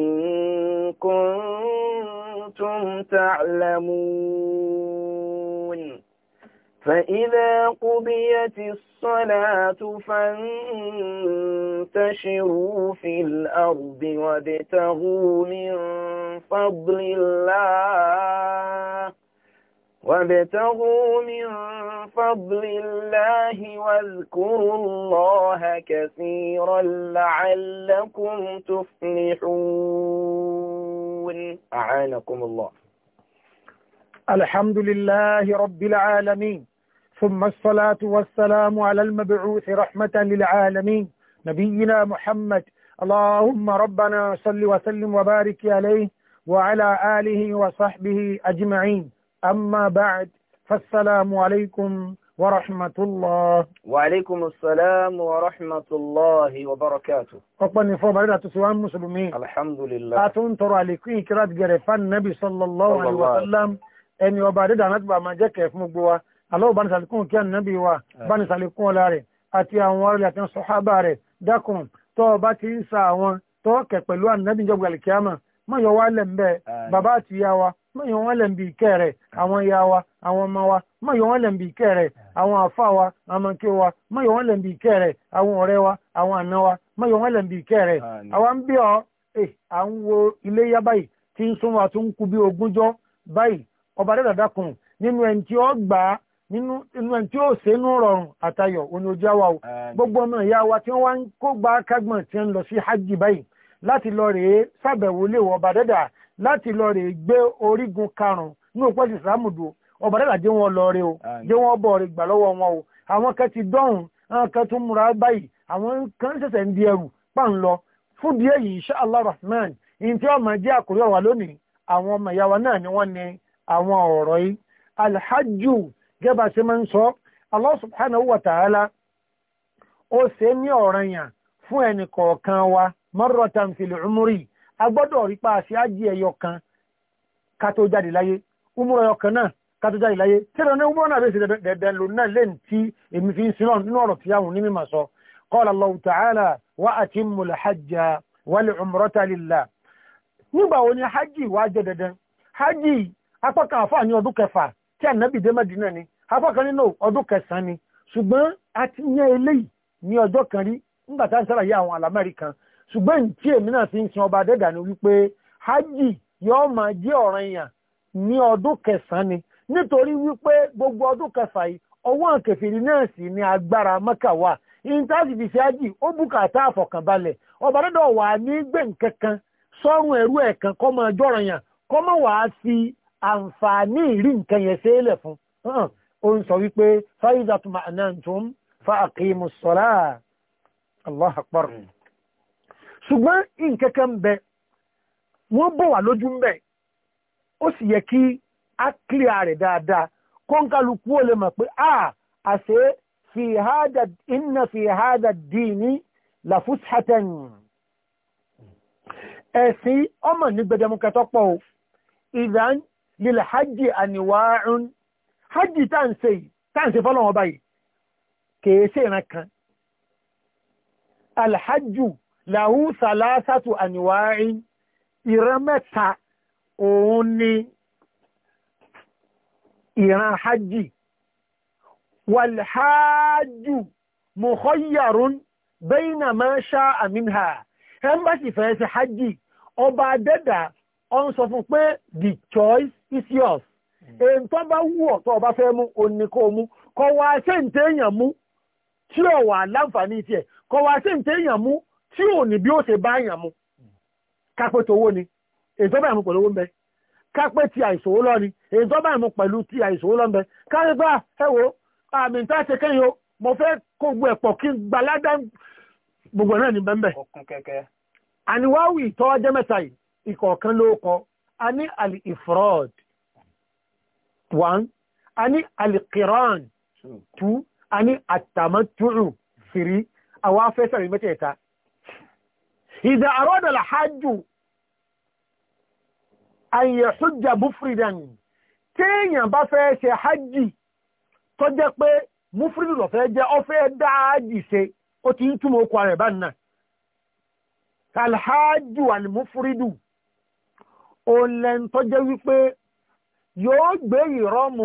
إن كنتم تعلمون فإذا قضيت الصلاة فانتشروا في الأرض وابتغوا من فضل الله وابتغوا من فضل الله واذكروا الله كثيرا لعلكم تفلحون أعانكم الله الحمد لله رب العالمين ثم الصلاة والسلام على المبعوث رحمة للعالمين نبينا محمد اللهم ربنا صل وسلم وبارك عليه وعلى آله وصحبه أجمعين أما بعد فالسلام عليكم ورحمة الله وعليكم السلام ورحمة الله وبركاته أقبل فو بريدة سوان مسلمين الحمد لله أتون ترى لكي كرات جرفان النبي صلى الله عليه وسلم أن يبارد نتبع ما جاك في مقبوة الله بان سالكون كان نبي و بان سالكون لاري أتي أنوار لأتي الصحابة ري داكم تو باتي إنسا وان تو كيك بلوان نبي جبغ الكيامة ما يوالن بي باباتي يا mọ̀yàn wọn lẹ̀ ń bi ìkẹ́ rẹ̀ àwọn ìyá wa àwọn ọmọ wa mọ̀yàn wọn lẹ̀ ń bi ìkẹ́ rẹ̀ àwọn àfa wa amọ̀kẹ́ wa mọ̀yàn wọn lẹ̀ ń bi ìkẹ́ rẹ̀ àwọn ọ̀rẹ́ wa àwọn àna wa mọ̀yàn wọn lẹ̀ ń bi ìkẹ́ rẹ̀ àwa ń bí ọ eh, à ń wo ilé yá báyìí tí ń súnmọ́ àti ń kú bí ogúnjọ́ báyìí ọba dẹ́dà dákun nínú ẹni tí ó gbà á nínú ẹni tí ó ṣe é nú rọrùn àtayọ̀ òní ojú àwa o gbogbo ọmọ ìyá wa tí wọ́n wá ń kó gba kágbọ̀n tí ń lọ sí hajj báyìí láti lọ rèé ṣàbẹ̀wò léwọ̀ ọba dẹ́dà láti lọ rè gbé orígun karùn-ún ní òpó ẹ̀sìn ìsìlámù dùn ọba dàgbà jẹ́ wọn lọ rè o jẹ́ wọn bọ̀ rè gbà lọ́wọ́ wọn o àwọn kan ti dọ́hùn àwọn kan tún múra báyìí àwọn kan ṣẹ̀ṣẹ̀ ń di ẹrù pàn lọ fún díẹ̀ yìí insha Allah rahman ìyìn tí wọ́n máa jẹ́ àkórí ọ̀wà lónìí àwọn ọmọ ìyá wa náà ni wọ́n ní àwọn ọ̀rọ̀ yìí alhajju gẹ́bà ṣe máa ń sọ Allah subhanahu wa ó ṣe ní ọ̀ranyàn fún ẹnì kọ̀ọ̀kan wa marratan fil a gbọ́dọ̀ rí pa àṣẹ ájì ẹyọ kan ká tó jáde láyé umúrọ̀ ẹyọ kan náà ká jáde láyé tí ìrọ̀lẹ́ umúrọ̀ náà bèsè dẹ̀dẹ̀ lò náà lẹ́yìn tí èmi fi ń ta'ala wa nígbà wo ni hajj wá jẹ́ dandan hajj ọdún kẹfà tí ànábì dé Mẹ́dínà ni nínú ọdún kẹsàn-án ni ṣùgbọ́n a ti yan ní ọjọ́ kan rí kan ṣùgbọ́n tí èmi náà fi ń sin ọba adẹ́gà ni wípé hajj yóò máa jẹ́ ọ̀ranyàn ní ọdún kẹsàn-án ni gbogbo ọdún kẹfà yìí ọwọ́ àkẹfìrí náà sì ni agbára mẹ́kà wà intanṣipi hajj ó bùkátà àfọ̀kànbalẹ̀ ọba dẹ́dọ̀ wà ní gbẹ̀ǹkankan sọ́run ẹ̀rú ẹ̀kan kọ́ máa kọ́ máa fi àǹfààní ìrí nǹkan yẹn fún ó ń sọ ṣùgbọ́n nkankan bẹ wọ́n bọ̀ wà lójú mbẹ ó sì yẹ kí a clear rẹ̀ dáadáa kọ́ńkálukú ó lè mọ̀ pé a àṣẹ fi hada inna fi hada dini la fushatan ẹ̀sìn ọmọ ní gbẹdẹmukẹtọ pọ̀ o ìdán lil hajj àníwáàrún hajj táǹsẹ̀ táǹsẹ̀ fọ́lọ́wọ́n báyìí kèé sí ìran kan alhajju làhú sàlásàtù àníwárí ìran mẹ́ta òun ni ìran hajji wàlhájù mọ̀kọ́yàrún bẹ́yìnà máa ṣá àmìnhà ẹmbàṣì fẹ́ sí hajji ọba adẹ́dà ọ́n sọ fún pé the choice is yours hmm. èyí tó bá wù ọ́ tó bá fẹ́ mú oníkó mú kọwàá sí ìtẹ́yàn mú tí ọ̀wà láǹfààní tiẹ̀ kọwàá sí ìtẹ́yàn mú tí ò ní bí ó ṣe bá yàn mu kápẹ́ tó owó ni ètò bá yàn mu pẹ̀lú owó ń bẹ kápẹ́ ti àìsòwò lọ ni ètò bá yàn mu pẹ̀lú ti àìsòwò lọ ń bẹ káyé gbà ẹ wo àmì tá a ṣe kẹ́yìn o mo fẹ́ kó gbogbo ẹ̀pọ̀ kí n gba ládá gbogbo náà ní bẹ́ẹ̀ bẹ́ẹ̀. ìtọ́ ọjọ́ mẹ́ta yìí ìkọ̀ọ̀kan ló kọ a ní àlì ìfrọ́d one a ní àlì kìrán two a ní àtàmọ́tùrù three àwọn afẹ́sẹ̀rẹ̀ mẹ́tẹ̀ẹ̀ta إذا أراد الحج أن يحج مفردا téèyàn bá fẹ́ ṣe hajji tó jẹ́ pé múfúrídù lọ fẹ́ jẹ́ ọ fẹ́ dá hajji ṣe ó ti ń túnmọ̀ okùn rẹ̀ bá nà kalhajju àni múfúrídù olẹ́n tó jẹ́ wípé yóò gbé ìrọ́mù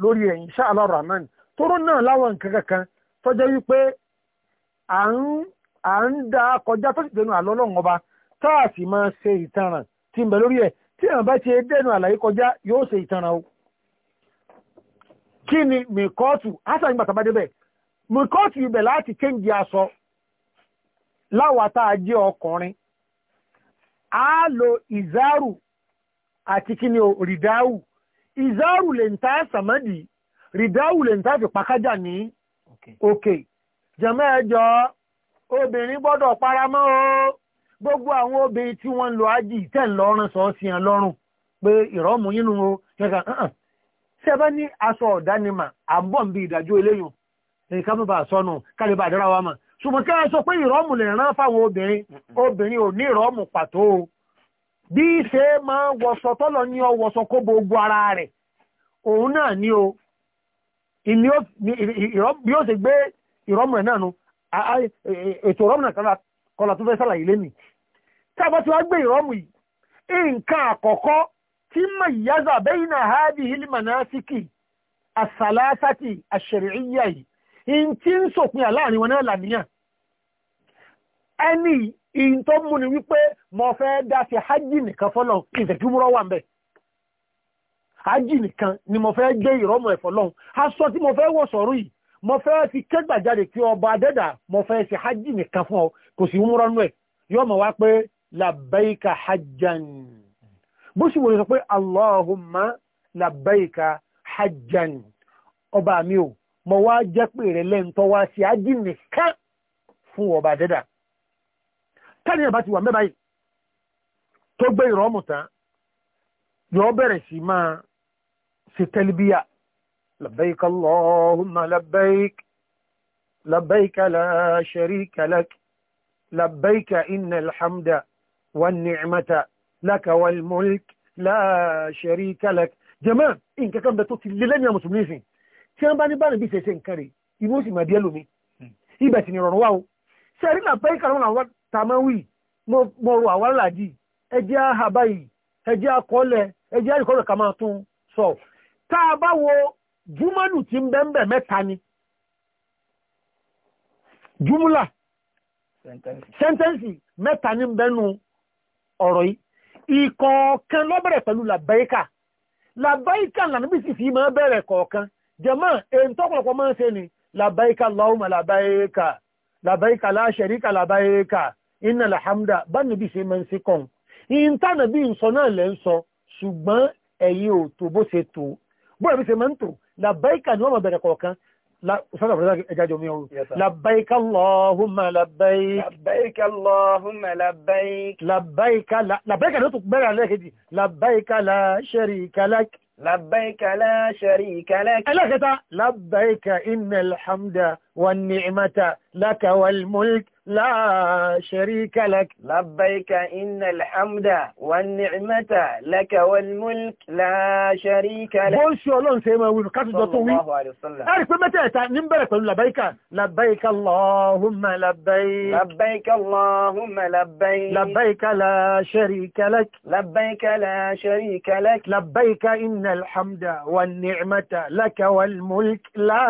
lórí ẹ̀ insha Allah tóró náà láwọn nǹkan kankan tọ́jọ́ wípé à ń da kọjá tó sì dẹnu àlọ́lọ́run ọba tá a sì máa ṣe ìtanràn tí ń bẹ lórí ẹ̀ tí àwọn bá ti dẹnu àlàyé kọjá yóò ṣe ìtanràn o. kí ni mìkọ́ọ̀tù hasan nígbà tàbá débẹ̀ mìkọ́ọ̀tù ibẹ̀ láti kéńjì aṣọ láwa tá a jẹ́ ọkùnrin a lo ìzáàrù àti kí ni o rìdáàwù ìzáàrù lè ń ta samadi. rìdáwù lè ń tàbí pàkájà ní òkè jẹ̀mọ́ ẹjọ́ obìnrin gbọ́dọ̀ paramọ́ o gbogbo àwọn obìnrin tí wọ́n ń lo ájì tẹ̀ lọ́rùn sọ́ọ́sì yẹn lọ́rùn pé ìrọ́mù yín nu o kẹ̀kẹ́ sẹ́bẹ́ ní aṣọ ọ̀dánimà àbọ̀ ń bi ìdájọ́ eléyìn èyí ká mọ̀ bá sọnù kálí bá dára wa mọ̀ ṣùgbọ́n kí wọ́n sọ pé ìrọ́mù lè rán fáwọn obìnrin obìnrin ò ní ìrọ́mù pàtó o bí ṣe máa wọṣọ tọ́lọ ní ọwọ́sọ kó gbogbo ara rẹ̀ òun náà ní o ìní yóò ṣe gbé ìrọ́mù rẹ̀ náà nu e- e- ètò ìrọ́mù náà kọlà tó fẹ́ sàlàyé lẹ́nu tábà tí wàá gbé ìrọ́mù yìí nǹkan àkọ́kọ́ tí mà yáza bẹ́yìn náà ha di hilma náà síkì àsàlásàtì àṣẹ̀rìíyà yìí n tí ń sòpin àláàrin wọn náà làníyàn ẹni ìyìn tó múni wípé mo fẹ́ dá hajj nìkan fọlọ́ ìfẹ̀túmúrọ́ wà bẹ́ẹ̀. ájì nìkan ni mo fẹ́ gbé ìrọ́mọ ẹ̀fọ́ lọ́hùn aṣọ tí mo fẹ́ wọ̀ sọ̀rọ̀ yìí mo fẹ́ fi kẹ́gbàjáde kí ọba adẹ́dà mo fẹ́ ṣe ájì nìkan fún ọ kò sí múrọ́ nù ẹ yóò mọ̀ wá pé labbaika hajjan bó sì sọ ọba mi o mo wá jẹ́ pé lẹ́ńtọ́ wá nìkan fún ọba adẹ́dà ti wà yìí tó gbé ìrọ́mù tán bẹ̀rẹ̀ ṣe tẹ́lbíyà labbaik allahumma labbaik labbaik la sharika lak labbaik inna alhamda wa ni'mata laka wal mulk la sharika lak jẹ́mọ́ nǹkan kan bẹ tó ti lé lẹ́yìn mùsùlùmí sìn tí wọ́n bá ní bá níbi ìṣẹ̀ṣẹ̀ nǹkan rẹ̀ ìmú sì máa bí ẹlòmí ibẹ̀ sì ni rọrùn wá o ṣe rí labbaik àwọn àwọn tàmáwì mo rò àwọn aláàjì ẹjẹ́ àhàbáyì ẹjẹ́ akọ́lẹ̀ ẹjẹ́ àríkọ́lẹ̀ ká máa tún sọ tá a bá wo júmọ́nù tí ń bẹ́ẹ̀ mẹ́ta ni júmúlà sẹ́ńtẹ́ǹsì mẹ́ta ní bẹ́nu ọ̀rọ̀ yìí ìkọ̀ọ̀kan lọ́bẹ̀rẹ̀ pẹ̀lú làbáyíkà làbáyíkà lànàbí sì fi máa bẹ̀rẹ̀ kọ̀ọ̀kan jẹ́mọ́ èyí tọ́pọ̀lọpọ̀ máa ń ṣe ni làbáyíkà lọ́wọ́mà làbáyíkà làbáyíkà láṣẹ̀ríkà làbáyíkà iná làhámdà bá níbi ṣe máa ń ṣe kàn ìyíntànàbí ń sọ náà lẹ́ ń sọ ṣùgbọ́n ẹ̀yin ò tó bó ṣe tó bóyá bí ṣe máa ń tò làbáyíkà ni wọ́n máa bẹ̀rẹ̀ kọ̀ọ̀kan sọ́dọ̀ fún ẹjá jọ mi ọrùn làbáyíkà lọ́hùnmà làbáyíkà lọ́hùnmà làbáyíkà làbáyíkà والنعمة لك والملك لا شريك لك لبيك إن الحمد والنعمة لك والملك لا شريك لك بول شو الله سيما ويقول قصد الله عليه وسلم أعرف ما تأتى نمبرك لبيك لبيك اللهم لبيك لبيك اللهم لبيك لبيك لا شريك لك لبيك لا شريك لك لبيك إن الحمد والنعمة لك والملك لا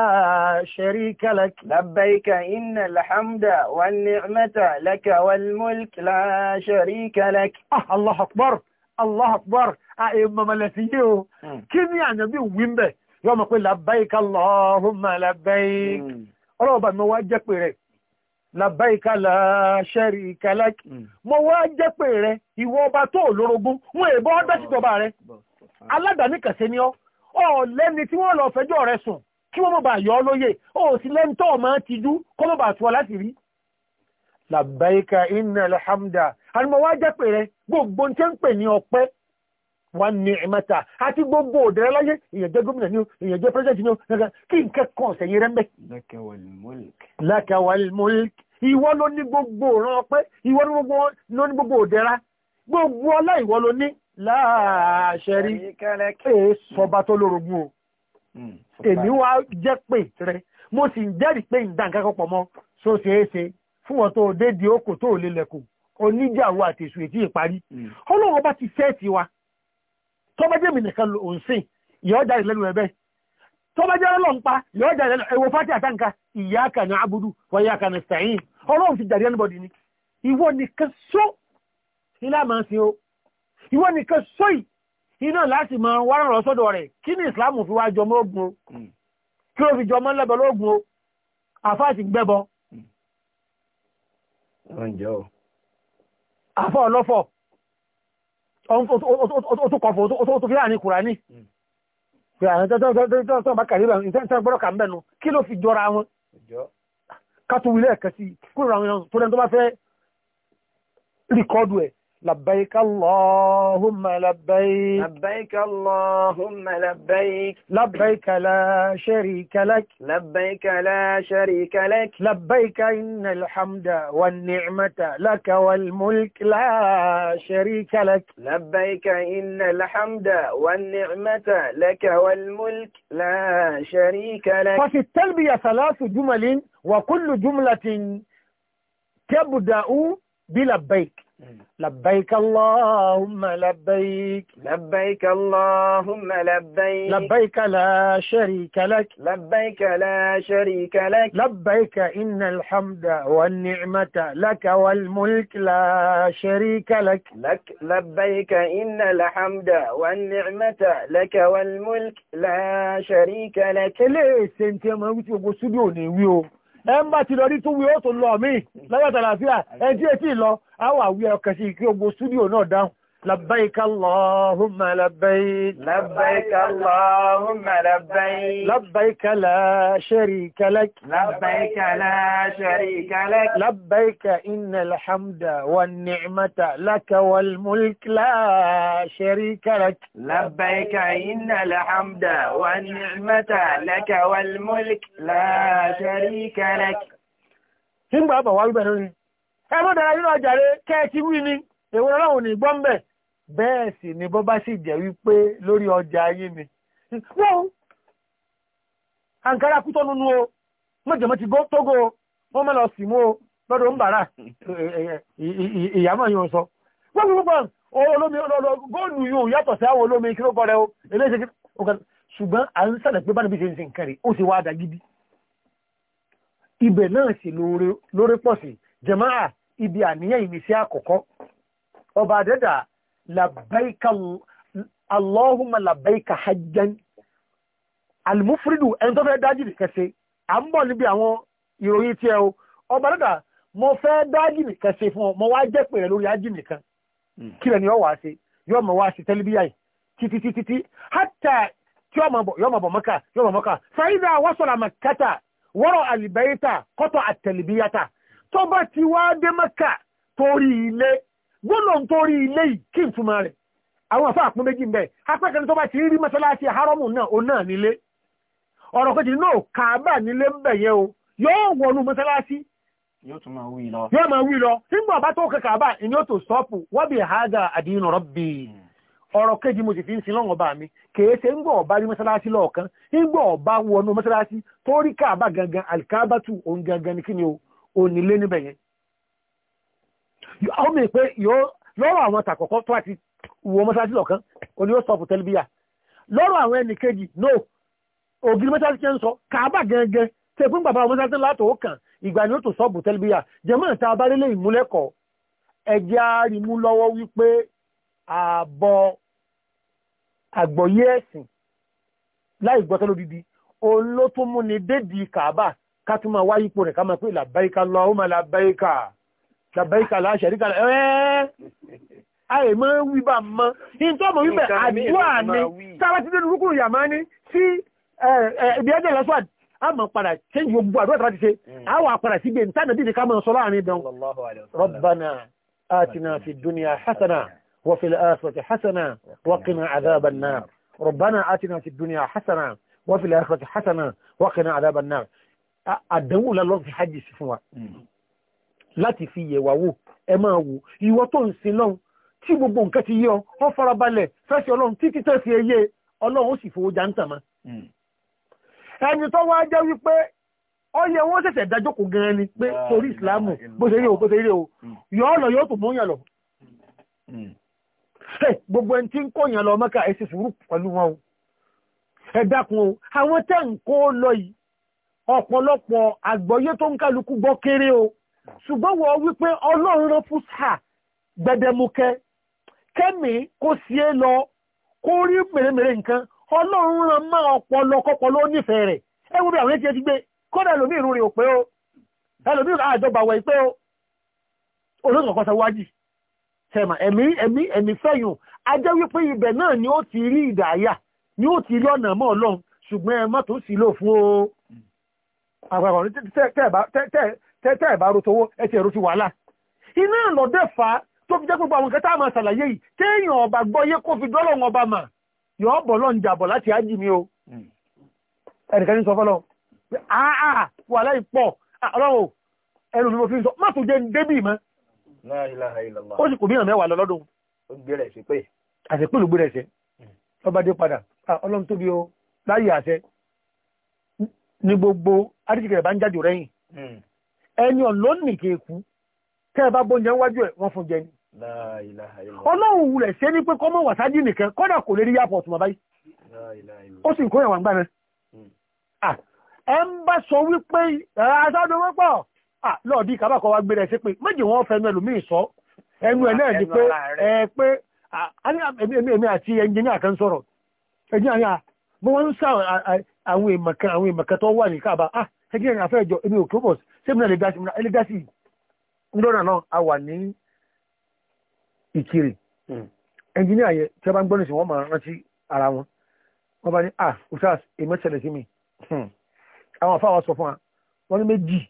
شريك لك لبيك إن الحمد والنعمة لك والملك لا شريك لك آه الله أكبر الله أكبر أئمة ملسيه كم يعني بي ويمبه يوم أقول لبيك اللهم لبيك ربا مواجك بريك làbáyíká la ṣẹ́rí kẹlẹ́kì mo wá jẹ́ pé rẹ ìwọ ọba tó olórogún wọn èbọ́ dájúdọ̀bà rẹ aládàáníkàṣe ni ọ ọ lẹ́ni tí wọ́n lọ fẹjọ́ rẹ sùn kí wọ́n mọ̀ bá yọ lóyè ó sì lẹ́ntọ́ ma ti jú kọ́ mọ̀ bá tí wọ́n láti rí làbáyíká iná alhamda alimọ̀ wá jẹ́ pé rẹ gbogbo tẹ́ ń pè ní ọpẹ́ wà ní ìmẹ́ta àti gbogbo òdẹ̀rẹ́ láyé èyàn jẹ́ gómìnà ní èyàn jẹ́ pẹ́sẹ̀ntì ní ọ̀gá kí n kẹ́kọ̀ọ́ sẹ̀yìn rẹ̀ ń bẹ̀. gbogbo òran ìwọ ló ní gbogbo òdẹ̀ra gbogbo sọba tó lórogún o. Hmm, èmi wá jẹ́ pé rẹ mo sì ń jẹ́rìí pé ìdá nǹkan kan pọ̀ mọ́ so ṣeé ṣe fún wọn tó o dé di okò tó o lè lẹ̀kùn oníjàwó àtẹ̀sù ètí ìparí hmm. ọlọ́run ọba ti sẹ́ẹ̀tì wa tọ́bẹ́jẹ́mì nìkan ló ń sìn ìyọ́ jáde lẹ́nu ẹ̀bẹ́ tọ́bẹ́jẹ́ ọlọ́run pa ìyọ́ jáde lẹ́nu ẹ̀wọ̀ fati àtànkà ìyá kàní abudu wọ́n yá kàní sẹ́yìn ọlọ́run ti jàdí ẹnubọ̀dì ni ìwọ nìkan só ilé àmà sí o ìwọ nìkan só yìí iná láti máa wárán lọ sọ́dọ̀ rẹ̀ kí ni ìsìláàmù fi wá jọmọ́ ogun o hmm. kí o fi jọmọ́ lẹ́bọ̀ lógun o àfá ti gbẹ́bọ hmm. àfá ọlọ́fọ̀ ọtúkọ̀fọ̀ ó fi láàrin kùránì hmm. pé àwọn tẹ́tọ́ bá kàrí bẹ̀rẹ̀ ìtẹ́ntẹ́ gbọ́dọ̀ kà ń bẹ̀nu kí ló fi jọra wọn kátó wílẹ̀ kẹsí kúrò àwọn tó lẹ́nu tó bá fẹ́ rìkọ́dù ẹ̀ لبيك اللهم لبيك لبيك اللهم لبيك لبيك لا شريك لك لبيك لا شريك لك لبيك إن الحمد والنعمة لك والملك لا شريك لك لبيك إن الحمد والنعمة لك والملك لا شريك لك ففي التلبية ثلاث جمل وكل جملة تبدأ بلبيك لبيك اللهم لبيك لبيك اللهم لبيك لبيك لا شريك لك لبيك لا شريك لك لبيك إن الحمد والنعمة لك والملك لا شريك لك لك لبيك إن الحمد والنعمة لك والملك لا شريك لك ليس انت موت وسجوني ويوم ẹmbà ti lọ rí tún wí ó tó lọ mí lọ́yọ̀ tàlàfíà ẹjí ètí lọ àwọn àwí ọkẹ̀ sí kí ogbó súdíò náà dáhùn لبيك اللهم لبيك لبيك اللهم لبيك لبيك لا شريك لك لبيك لا شريك لك لبيك إن الحمد والنعمة لك والملك لا شريك لك لبيك إن الحمد والنعمة لك والملك لا شريك لك Kí بابا gbà bọ̀ wá gbẹ̀rún ni? ويني mọ́ dára nínú bẹ́ẹ̀ sì ni bó bá sì jẹ́ wípé lórí ọjà ayé mi wọ́n àǹkárá kú tọ́nu nu o mọ́jọ̀mọ́ ti tógó wọ́n mọ́ lọ sí mú o lọ́dọ̀ ń bàrà ìyàmọ̀ yóò sọ wọ́n gbogbo olómi góòlù yóò yàtọ̀ sí àwọn olómi kí ló kọ́ rẹ o eléyìí ṣùgbọ́n à ń sàlẹ̀ pé bá níbi ṣe ń ṣe nǹkan rè ó sì wá dagídí ibẹ̀ náà sì lóore pọ̀ sí jẹ̀máà ibi àníyàn ìmísí àkọ́kọ́ ọba àdẹ́dàá labbaika allahumma labbaika hajjan almufridu ẹni tó fẹ́ dájì nìkan ṣe à ń bọ̀ níbi àwọn ìròyìn tí ẹ o ọba dada mo fẹ́ dájì nìkan ṣe fún ọ mo wá jẹ́ pèrè lórí ájì nìkan hmm. kí lẹ́ni ọ wá ṣe yóò mọ̀ wá ṣe tẹ́líbíyà yìí títí títí tí hátà tí yóò mọ̀ bọ̀ yóò mọ̀ bọ̀ mọ́kà yóò mọ̀ mọ́kà fàyídà wọ́sọ̀rọ̀ àmàkátà wọ́rọ̀ àlìbẹ́yìtà kọ́tọ̀ àtẹ̀líbíyàtà tó bá ti wá dé mọ́kà torí ilé lóun tó rí ilé yìí kí n túmọ̀ rẹ̀ àwọn àfáà pín méjì bẹ́ẹ̀ apẹ́kẹ́ni tó bá ti rí mọ́sálásí hárọ́mù náà ó náà nílé ọ̀rọ̀ kejì náà kàábà nílé ń bẹ̀yẹ o yóò wọnú mọ́sálásí yóò máa wí lọ yóò máa wí lọ nígbà bá tó kẹkà ìní ó tó wọ́n bí àdínú rọ́bì ọ̀rọ̀ kejì mo sì fi ń sin lọ́wọ́ bá mi ń gbọ́ rí mọ́sálásí lọ́ọ̀kan wọnú mọ́sálásí ó mì pé lọ́rọ̀ àwọn tàkọ̀kọ́ tó àti wo mọ́sáájú o oní ó sọ̀pù tẹ́lifíyà lọ́rọ̀ àwọn ẹnì kejì no ògiri mọ́sáájú kẹ́ ń sọ kàábà gẹ́gẹ́ tẹ fún bàbá mọ́sáájú látò kàn ìgbà ni ó tó sọ̀pù tẹ́lifíyà jẹ́mọ́ ta bá lélẹ̀ ìmúlẹ́kọ̀ ẹjẹ́ àrímú lọ́wọ́ wípé ààbọ̀ àgbọ̀yé ẹ̀sìn láì gbọ́tọ́ lódìdí òun ló tún mú ni dédìí kàábà ká tún máa wáyípo rẹ̀ ká máa pé làbáyíká lọ́wọ́ máa làbáyíká làbẹ́ríkà láṣẹ̀ríkà ẹ́ẹ́ àì mọ́ wíbà mọ́ in tó mọ̀ wíbẹ̀ àdúrà ní sáwá ti dénú rúkúrú yàmá ní sí ibi ẹjọ́ lọ́sọ́ a mọ̀ padà change gbogbo àdúrà tó bá ti ṣe hmm. a wà padà sí gbẹ̀ntà náà dìde ká mọ̀ sọ láàrin dán rabbana atina fi dunya hasana wa fil akhirati hasana wa qina adhaban nar rabbana atina fi dunya hasana hmm láti fi yẹ̀wà wò ẹ máa wò ìwọ tó ń sin lọ́hùn tí gbogbo nǹkan ti yọ ọ farabalẹ̀ fẹ́sẹ̀ ọlọ́run títí tẹ̀sí ẹyẹ ọlọ́run ó sì fowó jáǹtà ma. Hmm. ẹni tó wá jẹ́ wípé ọyẹ wọn ṣẹ̀ṣẹ̀ dájókòó gan-an ni pé ah, torí ìsìláàmù bó ṣe rí o bó ṣe rí o hmm. yọ ọ lọ yóò tó mọ́yàn lọ. Hmm. gbogbo ẹni tí ń kóyàn lọ mọ́kà ẹ ṣe sùúrù pẹ̀lú wọn o ẹ dákun o àwọn tẹ́ lọ yìí ọ̀pọ̀lọpọ̀ àgbọ́yé tó ń kálukú gbọ́ kéré o ṣùgbọ́n wọ́n wípé ọlọ́run rán fúsà gbẹdẹmukẹ kẹ́mi kó sí é lọ kó rí mèremère nǹkan ọlọ́run rán mọ́ ọpọlọ kọpọlọ nífẹ̀ẹ́ rẹ̀ ẹ wo bí àwọn ẹ̀jẹ̀ ti gbé kódà ẹlòmíì rúri ò pé o ẹlòmíì àjọgbà ah, wẹ̀ pé o olóòtú kọ́kọ́ sọ wájì sẹ́mà ẹ̀mí ẹ̀mí ẹ̀mí fẹ́yùn ajẹ́ wípé ibẹ̀ náà ni ó ti rí ìdáyà ni ó ti rí ọ̀nà mọ́ ọlọ́run ṣùgbọ́n ẹ má tó sì lò fún o tẹ́tẹ́ ìbárò tówó ẹ̀tì ẹ̀rọ ti wàhálà iná lọ́dẹ̀ fa tó fi jẹ́ àwọn ṣàlàyé yìí ọba gbọ́ kó fi dọ́lọ̀ ọba mà yọ bọ̀ lọ́n jàbọ̀ láti ájì o hmm. ẹnìkan sọ fọlọ ọlọ́wọ́ ẹnu mo fi sọ má jẹ́ débì mọ́ ó sì kò bí lọ́dún ọba hmm. dé padà ọlọ́run tóbi o láyé àṣẹ ní gbogbo bá ń ẹni ọ̀lọ́nìkè ikú tẹ́ ẹ bá gbóúnjẹ wájú ẹ̀ wọ́n fún jẹ ni. ọlọ́run wulẹ̀ ṣe ní pé kọ́mọ̀ wàsájì nìkan kọ́dà kò lè rí airport mọ̀ báyìí. ó sì ń kó ẹ̀wà hmm. ẹ ń bá sọ wípé aṣáájú wọn pọ̀ lọ́ọ̀dí kábàkọ́ wa pé méjì wọn fẹnu sọ ẹnu ẹ̀ náà ni pé ẹ pé èmi àti kan sọ̀rọ̀ wọ́n ń sá àwọn sẹ́mìnà lẹ́gásì lẹ́gásì ńlọ́nà náà a wà ní ìkiri hmm. ẹnjìníà yẹ tí a bá ń gbọ́ nísìnyí wọ́n máa rántí ara wọn wọ́n bá ní à usas èmẹ́sẹ̀lẹ̀ sí mi hmm. àwọn afáwọn sọ fún wa wọ́n ní méjì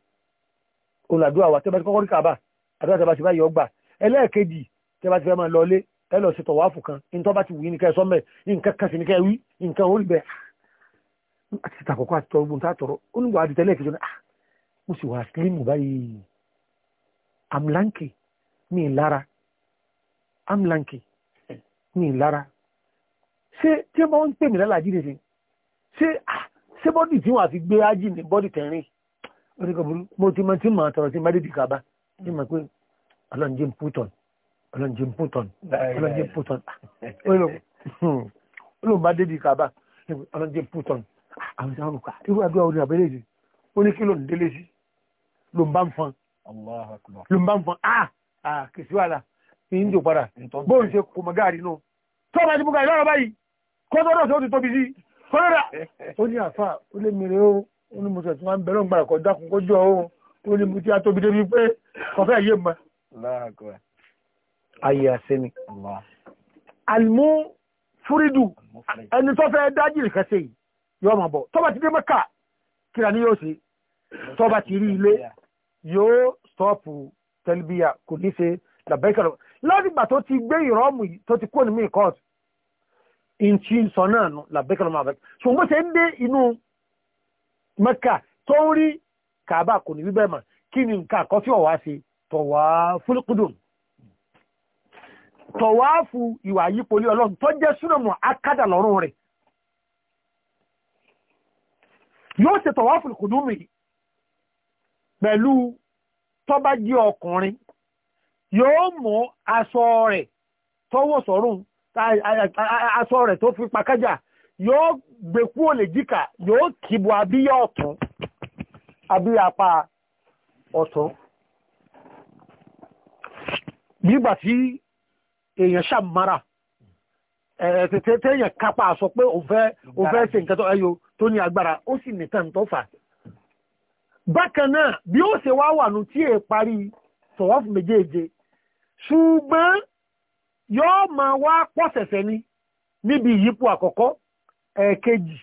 olàdúrà wa tẹ́bàtí kọ́kọ́ rí kàbà àdúrà tẹ́bàtí bá yọ gbà ẹlẹ́ẹ̀kejì tẹ́bàtí fẹ́ máa lọ ilé ẹ lọ sí tọ̀wáfù kan nítorí bá ti wù yín ní ká ẹ sọ́mẹ̀ nǹkan kan sì ní ká ẹ wí nǹkan ó rí bẹ́ẹ̀ àti tàkọ́kọ́ àti tọrọ mo sì wà sílímù báyìí amlanke mi lára amlanke mi lára ṣé tí wọ́n ń pè mí se nìyí ṣé ah, ṣé bọ́dì tí wọ́n àfi gbé ájì ní bọ́dì tẹ̀rín oríkọ̀bùrú mo ti mọ tí màá tọrọ sí mádìdì kaba tí màá pé ọlọ́njẹ́ pútọ̀n ọlọ́njẹ́ pútọ̀n ọlọ́njẹ́ pútọ̀n olùmọ̀dédì hmm, kaba ọlọ́njẹ́ pútọ̀n àwọn ìṣàwọn olùkà irú àdúrà orí àbẹ́lẹ́ yìí ó ní kí ló ń délé sí ló ń bá ń fọn ló ń bá ń fọn ah ah kìsí wàhálà ìyìn tó padà bóun ṣe kò mọ gáàrí náà tó o bá ti mú gáàrí lọ́rọ̀ báyìí kó tó dọ̀ tó ti tóbi sí kọ́lọ́dà. ó ní àfa ó lé mi rè ó ó ní mo sọ tí wọ́n ń bẹ̀rẹ̀ ń gbàrà kọjá kó jọ ó ó ní mo ti á tóbi débi pé kọfẹ́ yé ma. ayé àṣẹ ni alimu fúrídù ẹni tó fẹ́ dájú ìkẹsẹ̀ yìí yọ ọmọ bọ̀ tó bá ti dé mẹ́kà kíra ni yóò ṣe tó bá ti rí ilé yóò stọ́ọ̀pù tẹlifíà kò ní ṣe làbẹ́kẹ̀rọ lọ́dìgbà tó ti gbé ìrọ́mù tó ti kó ní mí kọ́ọ̀tù ìntì sọ náà nù làbẹ́kẹ̀rọ máa bẹ̀kẹ̀ ṣùgbọ́n bó ṣe ń dé inú mẹ́kà tó ń rí kàbá kò ní wíbẹ̀ mà kí ni nǹkan àkọ́tí ọ̀wá ṣe tọ̀wá fúlùkùdùn tọ̀wá fu ìwà yípo lé ọlọ́run tó jẹ́ súnàmù akádà lọ́rùn rẹ̀ yóò ṣe tọ̀wá fúlùkùdùn mi pẹ̀lú tó bá jẹ́ ọkùnrin yóò mú aṣọ rẹ̀ tọwọ́ sọ́rùn aṣọ rẹ̀ tó fi pakájà yóò gbé kúrò jíkà yóò kìbò abíyá ọ̀tún abíyá apá ọ̀tún nígbà tí èèyàn ṣàmára ẹ̀ẹ̀tẹ̀tẹ̀ èèyàn kápá sọ pé òun fẹ́ nǹkan tó ẹyọ tó ní agbára ó sì nìkan tó bákan náà bí ó se wá wà nù tí è parí tọ̀wọ́fù méjèèje ṣùgbọ́n yóò máa wá pọ̀sẹ̀sẹ̀ ni níbi ìyípo àkọ́kọ́ ẹ̀ẹ̀kejì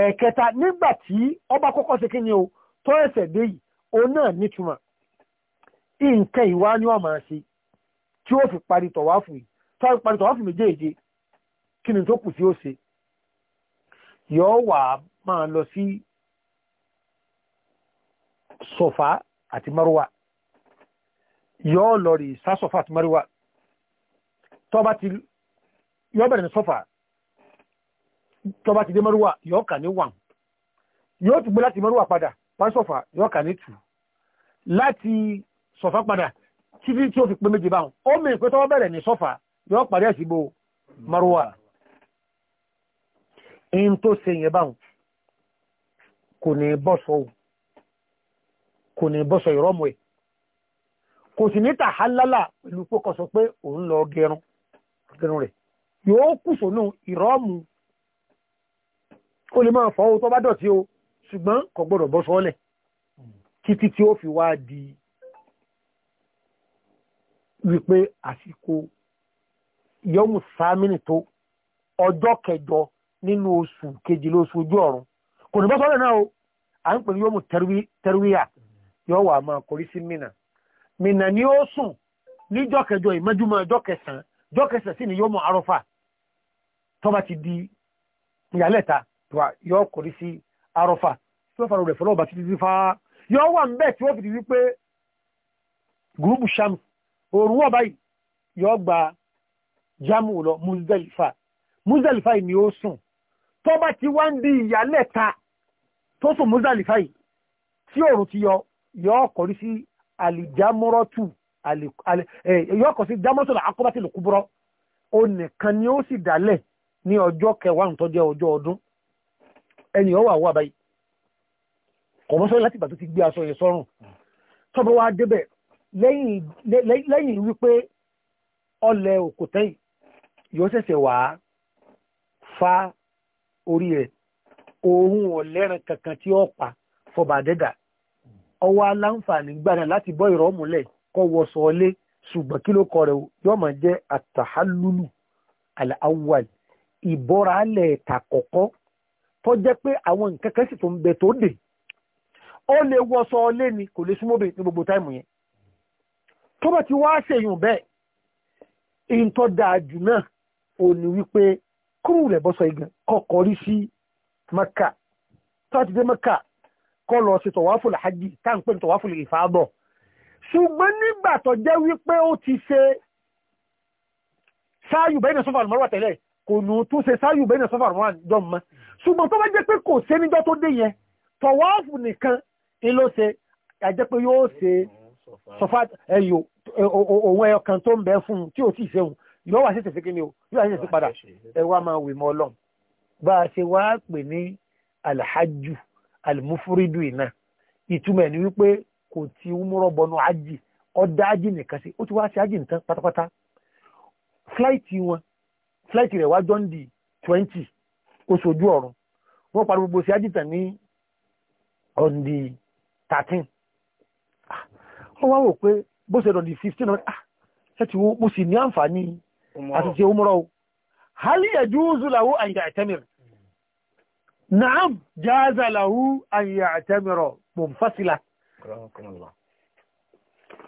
ẹ̀ẹ̀kẹta nígbà ọba kọ́kọ́ ṣe kíni o tó ẹ̀sẹ̀ dé yìí òun náà nítumọ̀ nǹkan ìwá ni wọ́n máa ṣe tí ó fi parí yìí tó fi parí méjèèje lọ sí sọ̀fà àti maruwa yóò lọ sa sofa sọ̀fà àti márùwà tọ́ba ti yóò bẹ̀rẹ̀ ní sofa tọ́ba ti dé márùwà yóò kà ní wàn yóò ti gbé láti márùwà padà wá sofa yóò kà ní tù láti sofa padà títí tí ó fi pé méje báwọn ó mìíràn pé bẹ̀rẹ̀ ní yóò maruwa in tó se yẹn báwọn kò ní bọ́ sọ́wọ́ kò ní bọ́sọ̀ ìrọ́mù ẹ̀ kò sì ní tàhálálà pẹ̀lú sọ pé òun lọ gẹrun gẹrun rẹ̀ yóò kùsò sónú ìrọ́mù ó lè máa fọ́ tó bá o ṣùgbọ́n kò gbọ́dọ̀ títí tí ó wípé àsìkò yọ́mù tó ọjọ́ kẹjọ nínú oṣù ojú ọ̀run kò o à ń pè ní yọ́mù yóò wà máa kọrí sí mina Mínà ni ó sùn níjọ́ kẹjọ ìmọ́júmọ́ ọjọ́ kẹsàn-án ọjọ́ sì ni yóò mọ arọ́fà tó bá ti di ìyálẹ̀ta yóò kọrí sí arọ́fà tí wọ́n fara rẹ̀ fọlọ́ ọba títí fa yóò wà ń bẹ̀ tí wọ́n fi di wípé gúrúùbù sàmù òru wọ̀ báyìí yóò gba jámù lọ Muzdalifa Muzdalifa yìí ni ó sùn tó bá ti wá ń di ìyálẹ̀ta tó sùn Muzdalifa yìí tí òòrùn ti yọ yóò kọrí sí alìjámọ́rọ́tù eh, yóò kọ̀ sí jámọ́rọ́tù àkọ́bátì lòkúbọ́rọ́ ó nìkan ni ó sì dálẹ̀ ní ọjọ́ kẹwàá ń tọ́jẹ́ ọjọ́ ọdún ẹni ọwọ́ wà àbáyé kọ̀mọ́sọ́ láti ìgbà tó ti gbé aṣọ yẹn sọ́rùn tọ́bọ̀ wá débẹ̀ lẹ́yìn wípé ọlẹ̀ òkòtẹ́yìn yóò ṣẹ̀ṣẹ̀ wà á fa orí òun ọ̀lẹ́rìn kankan tí fọba ọwọ́ aláǹfààní gbàdá láti bọ́ ìrọ̀ múlẹ̀ kọ́ wọ sọ́ọ́lé ṣùgbọ́n kí ló kọ rẹ̀ yóò máa jẹ́ àtàhálùlù aláwàl ìbọ́ra ẹ̀ta kọ̀kọ́ tó jẹ́ pé àwọn nǹkan kan sì tó ń bẹ tó ni kò lè súnmọ́ bẹ́ẹ̀ ní gbogbo táìmù yẹn tó bá ti ṣèyùn bẹ́ẹ̀ dáa jù náà ò ní wípé kúrú maka tó kọ́ lọ sí tọ̀wáfù làájì tá à ń pè ní tọ̀wáfù lè fà á bọ̀ ṣùgbọ́n nígbà tó jẹ́ wípé ó ti ṣe sáàyù bẹ́ẹ̀ ní sọ́fà àlùmọ́rọ̀ tẹ́lẹ̀ kò nù tún ṣe sáàyù bẹ́ẹ̀ ní sọ́fà àlùmọ́rọ̀ jọ mọ́ ṣùgbọ́n tó bá jẹ́ pé kò ṣe níjọ́ tó dé yẹn tọ̀wáfù nìkan ni ló ṣe àjẹ́ pé yóò ṣe sọ́fà ẹ̀yọ òun ẹyọ kan tó ń bẹ fún un tí ò tí ṣeun yóò wá sí tẹ̀sí kíni o yóò wá sí tẹ̀sí padà ẹ máa wè mọ́ ọlọ́run alimufuridu ina ìtumọ̀ ni wípé kò ti umrọ̀ bọnu ájì ọ̀dà ájì nìkan sí ó ti wá sí ájì nìkan pátápátá fúláìtì wọn fúláìtì rẹ̀ wá jọ́ǹdì twenty oṣù ojú ọ̀run wọ́n parí gbogbo sí ájì tán ní ọ̀ǹdì thirteen ah, wọ́n wá wò pé bó ṣe dọ̀ǹdì fifteen ọ̀rẹ́ ah, ẹ ti wo mo sì ní àǹfààní àti ṣe umrọ̀ o hali yajuzu lahu an ya'tamir na'am jaza lahu an ya'tamira munfasila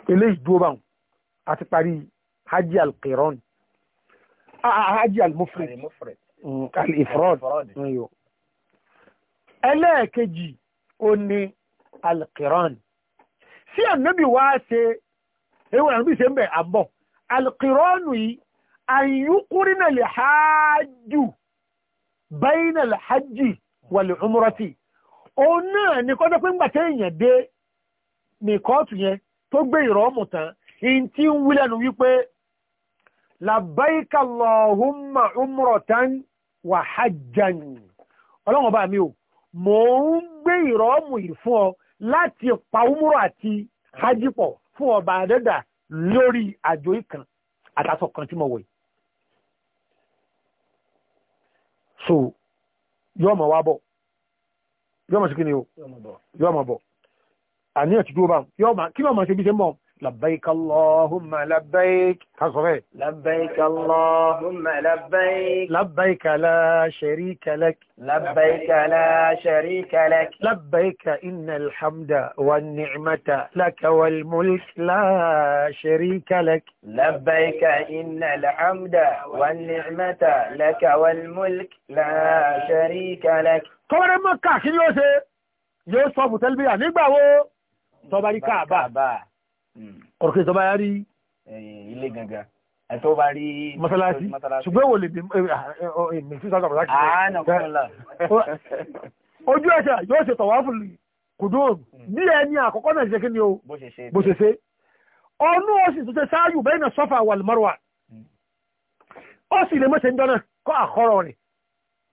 eléyìí dúró báwọn àti parí hajj al-qiran hajj al-mufrid mm, al-ifrad mm, ẹlẹ́ẹ̀kejì ó ní al-qiran sí ànábì wá ṣe ewu ànábì ṣe ń bẹ̀ àbọ̀ al-qiran yìí àyíkúrínà lè hajjù bayna al-hajji wàlẹ̀ ọmọrọ́tì òun náà ni kọ́dọ̀ pé ńgbà téèyàn dé ní kóòtù yẹn tó gbé ìrọ́mù tán in ti ń wílẹ̀nu wípé labbaika Allahumma umratan wa hajjan ọlọ́run ọba mi o mò ń gbé ìrọ́mù yìí fún ọ láti pa umrọ̀ àti hajj pọ̀ fún ọba àdẹ́dà lórí àjò ìkan àtàsọ̀ kan tí mo wọ̀ yìí. so yóò mọ̀ wá bọ̀ yóò mọ̀ sí kí ni o yóò mọ̀ bọ̀ àníyàn ti dúró bá yóò mọ̀ kí ló mọ̀ ṣe bí ṣe ń bọ̀ لبيك اللهم لبيك تصغير لبيك اللهم لبيك لبيك لا شريك لك لبيك لا شريك لك لبيك إن الحمد والنعمة لك والملك لا شريك لك لبيك إن الحمد والنعمة لك والملك لا شريك لك كبر mọ́ káàkiri ó تلبية yóò sọ bùtẹ́lbíyà nígbàwó ọ̀rọ̀ kejì tó bá rí ilé gangan ẹ̀tọ́ bá rí mọ́sálásí ṣùgbọ́n wò lè dé mi sí sáàtọ̀ pàtàkì ah, ojú ẹ̀ṣà yóò ṣe tọ̀wá fún kùdó bí ẹni àkọ́kọ́ náà ṣe kí ni o bó ṣe ṣe ọnú ó sì tún ṣe sáàyù bẹ́ẹ̀ náà sọ́fà wal marwa hmm. ó sì lè mọ́ṣe ń dáná kọ́ àkọ́rọ̀ rẹ̀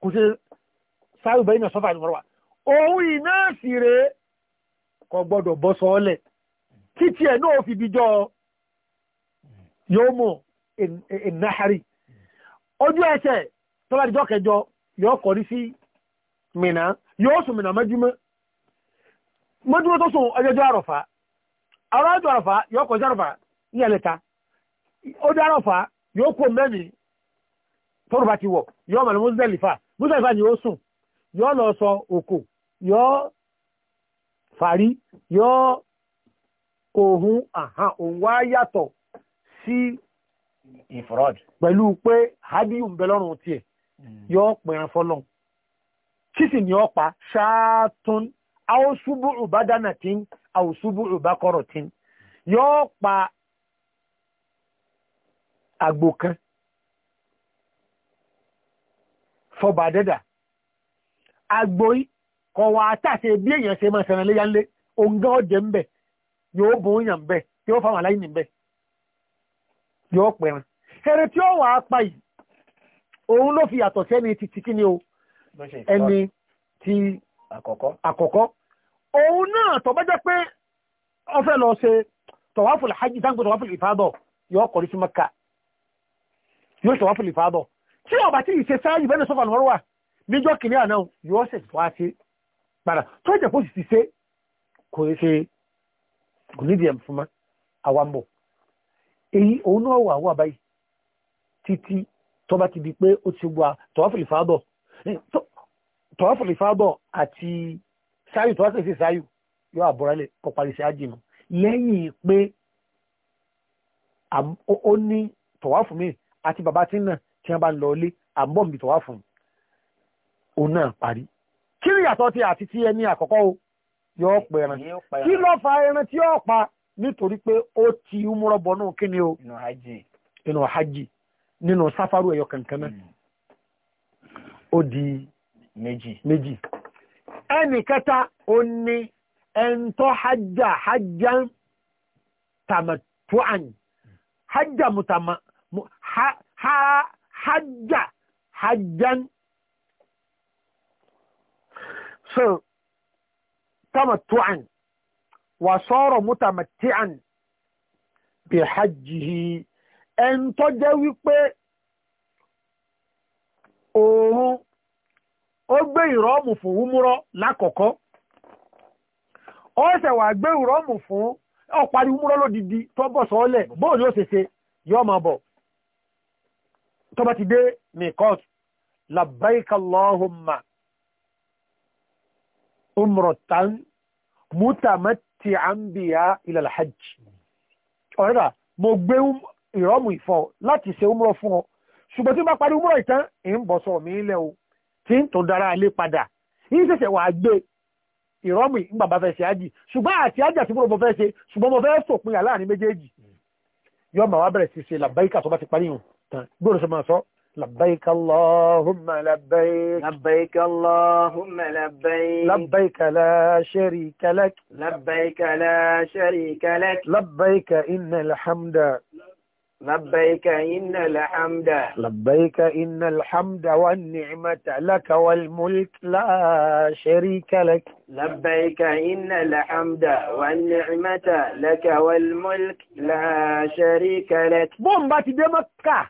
kò ṣe sáàyù bẹ́ẹ̀ náà sọ́fà wal marwa òun ìnáà sì rẹ̀ kò gbọ́dọ̀ bọ́ sọ́ọ́lẹ̀ títí ẹ̀ náà fi bíjọ́ yóò mọ̀ ìnáhárì ojú ẹsẹ̀ tó bá dijọ́ kẹjọ yóò kọrí sí mìnà yóò sùn mìnà mẹ́júmọ́ mọ́júmọ́ tó sùn ọjọ́jọ́ àrọ̀fà àwọn ọjọ́ àrọ̀fà yóò kọjá àrọ̀fà ní ẹ̀lẹ́ta ó dá àrọ̀fà yóò kó mẹ́rin tọ́rọ bá ti wọ̀ yóò mọ̀ ní mùsùlùmí mùsùlùmí ni ó sùn yóò lọ sọ òkò yóò fàrí yóò òun àhán òun wá yàtọ̀ sí ìfọ̀rọ̀d pẹ̀lú pé hadiyu ń bẹ lọ́rùn tiẹ̀ hmm. yọ pẹ̀rẹ̀ fọlọ́ ni ọ pa ṣáàtún àwòṣubú ìbádánà tí àwòṣubú kọrọ tí yọ pa àgbò kan fọba dẹ́dà àgbò kọ̀wà àtàṣe bí èèyàn ṣe máa ṣẹ̀rẹ̀ òǹgá ń yóò bóyàn ń bẹ yóò fáwọn aláìní ń bẹ yóò pẹ̀rẹ̀ ẹ̀rẹ̀ tí ó wà á pa yìí òun ló fi yàtọ̀ sẹ́ni ti tìkí ni o ẹni ti àkọ́kọ́ òun náà tó bá jẹ́ pé ó fẹ́ lọ ṣe tọ̀wáfùlì hajj sáńgbé tọ̀wáfùlì ìfádọ̀ yóò kọ̀rí sí maka yóò tọ̀wáfùlì ìfádọ̀ tí ó bá tí ì ṣe sáájú bẹ́ẹ̀ sọ́fà lọ́rọ̀ wà níjọ́ kìnìún náà yóò ṣe wá sí padà tó jẹ́ sì ti ṣe kò ṣe kò nídìí ẹ̀ fún ma àwa ń bọ̀ èyí òun náà wà wà báyìí títí tó bá ti di pé ó ti wà tọ́wáfìlì fábọ̀ tọ́wáfìlì fábọ̀ àti sáyù tọ́wáfìlì sí sáyù yóò àbúrálẹ̀ kọ parí sí ájìmù lẹ́yìn pé ó ní tọ́wáfù mi ati bàbá tí náà tí wọ́n bá ń lọ ilé àbọ̀m̀bì tọ́wáfù òun náà parí kí ni yàtọ̀ ti àti tí ẹni o yóò pa ẹran kí ló fa ẹran tí yóò pa nítorí pé ó ti múrọ̀ bọ̀ náà kí ni o inú hajj nínú sáfárù ẹ̀yọ kankan náà hmm. ó di méjì ẹnì kẹta ó ní ẹ̀ńtọ́ hajjá hajjá tàmàtúàn hajjá mùtàmà hajjá hajjá so tamattu'an wà sọ́rọ̀ mutamatti'an bi hajjihi ẹn tó o ó gbé ìrọ́mù fún wúmúrọ́ lákọ̀ọ́kọ́ ó ṣẹ̀ gbé ìrọ́mù fún ọ̀parí wúmúrọ́ lódìdí tó sọ́ọ́lẹ̀ bóò ni ó ṣe ṣe yọ́ ma bọ̀ ti dé umratan mutamatti'an biha ila al-hajj ọ̀rẹ́dà mo gbé um, ìrọ́mù ìfọ́ láti ṣe umrọ̀ fún ọ ṣùgbọ́n tí bá parí umrọ̀ ìtàn ń bọ̀ sọ mí lẹ́ o tí ń tún dára alé padà yìí ṣẹ̀ṣẹ̀ wà gbé ìrọ́mù ìgbà fẹ́ ṣe ájì ṣùgbọ́n àti ájì àti múrò fẹ́ ṣe ṣùgbọ́n mo fẹ́ sòpin àláàrin méjèèjì yọ màá bẹ̀rẹ̀ sí ṣe làbáyíkà tó bá ti parí hàn gbọ́dọ̀ sọ máa لبيك اللهم لبيك لبيك اللهم لبيك لبيك لا شريك لك لبيك لا شريك لك لبيك إن الحمد لبيك إن الحمد لبيك إن الحمد والنعمة لك والملك لا شريك لك لبيك إن الحمد والنعمة لك والملك لا شريك لك بومبات دمكة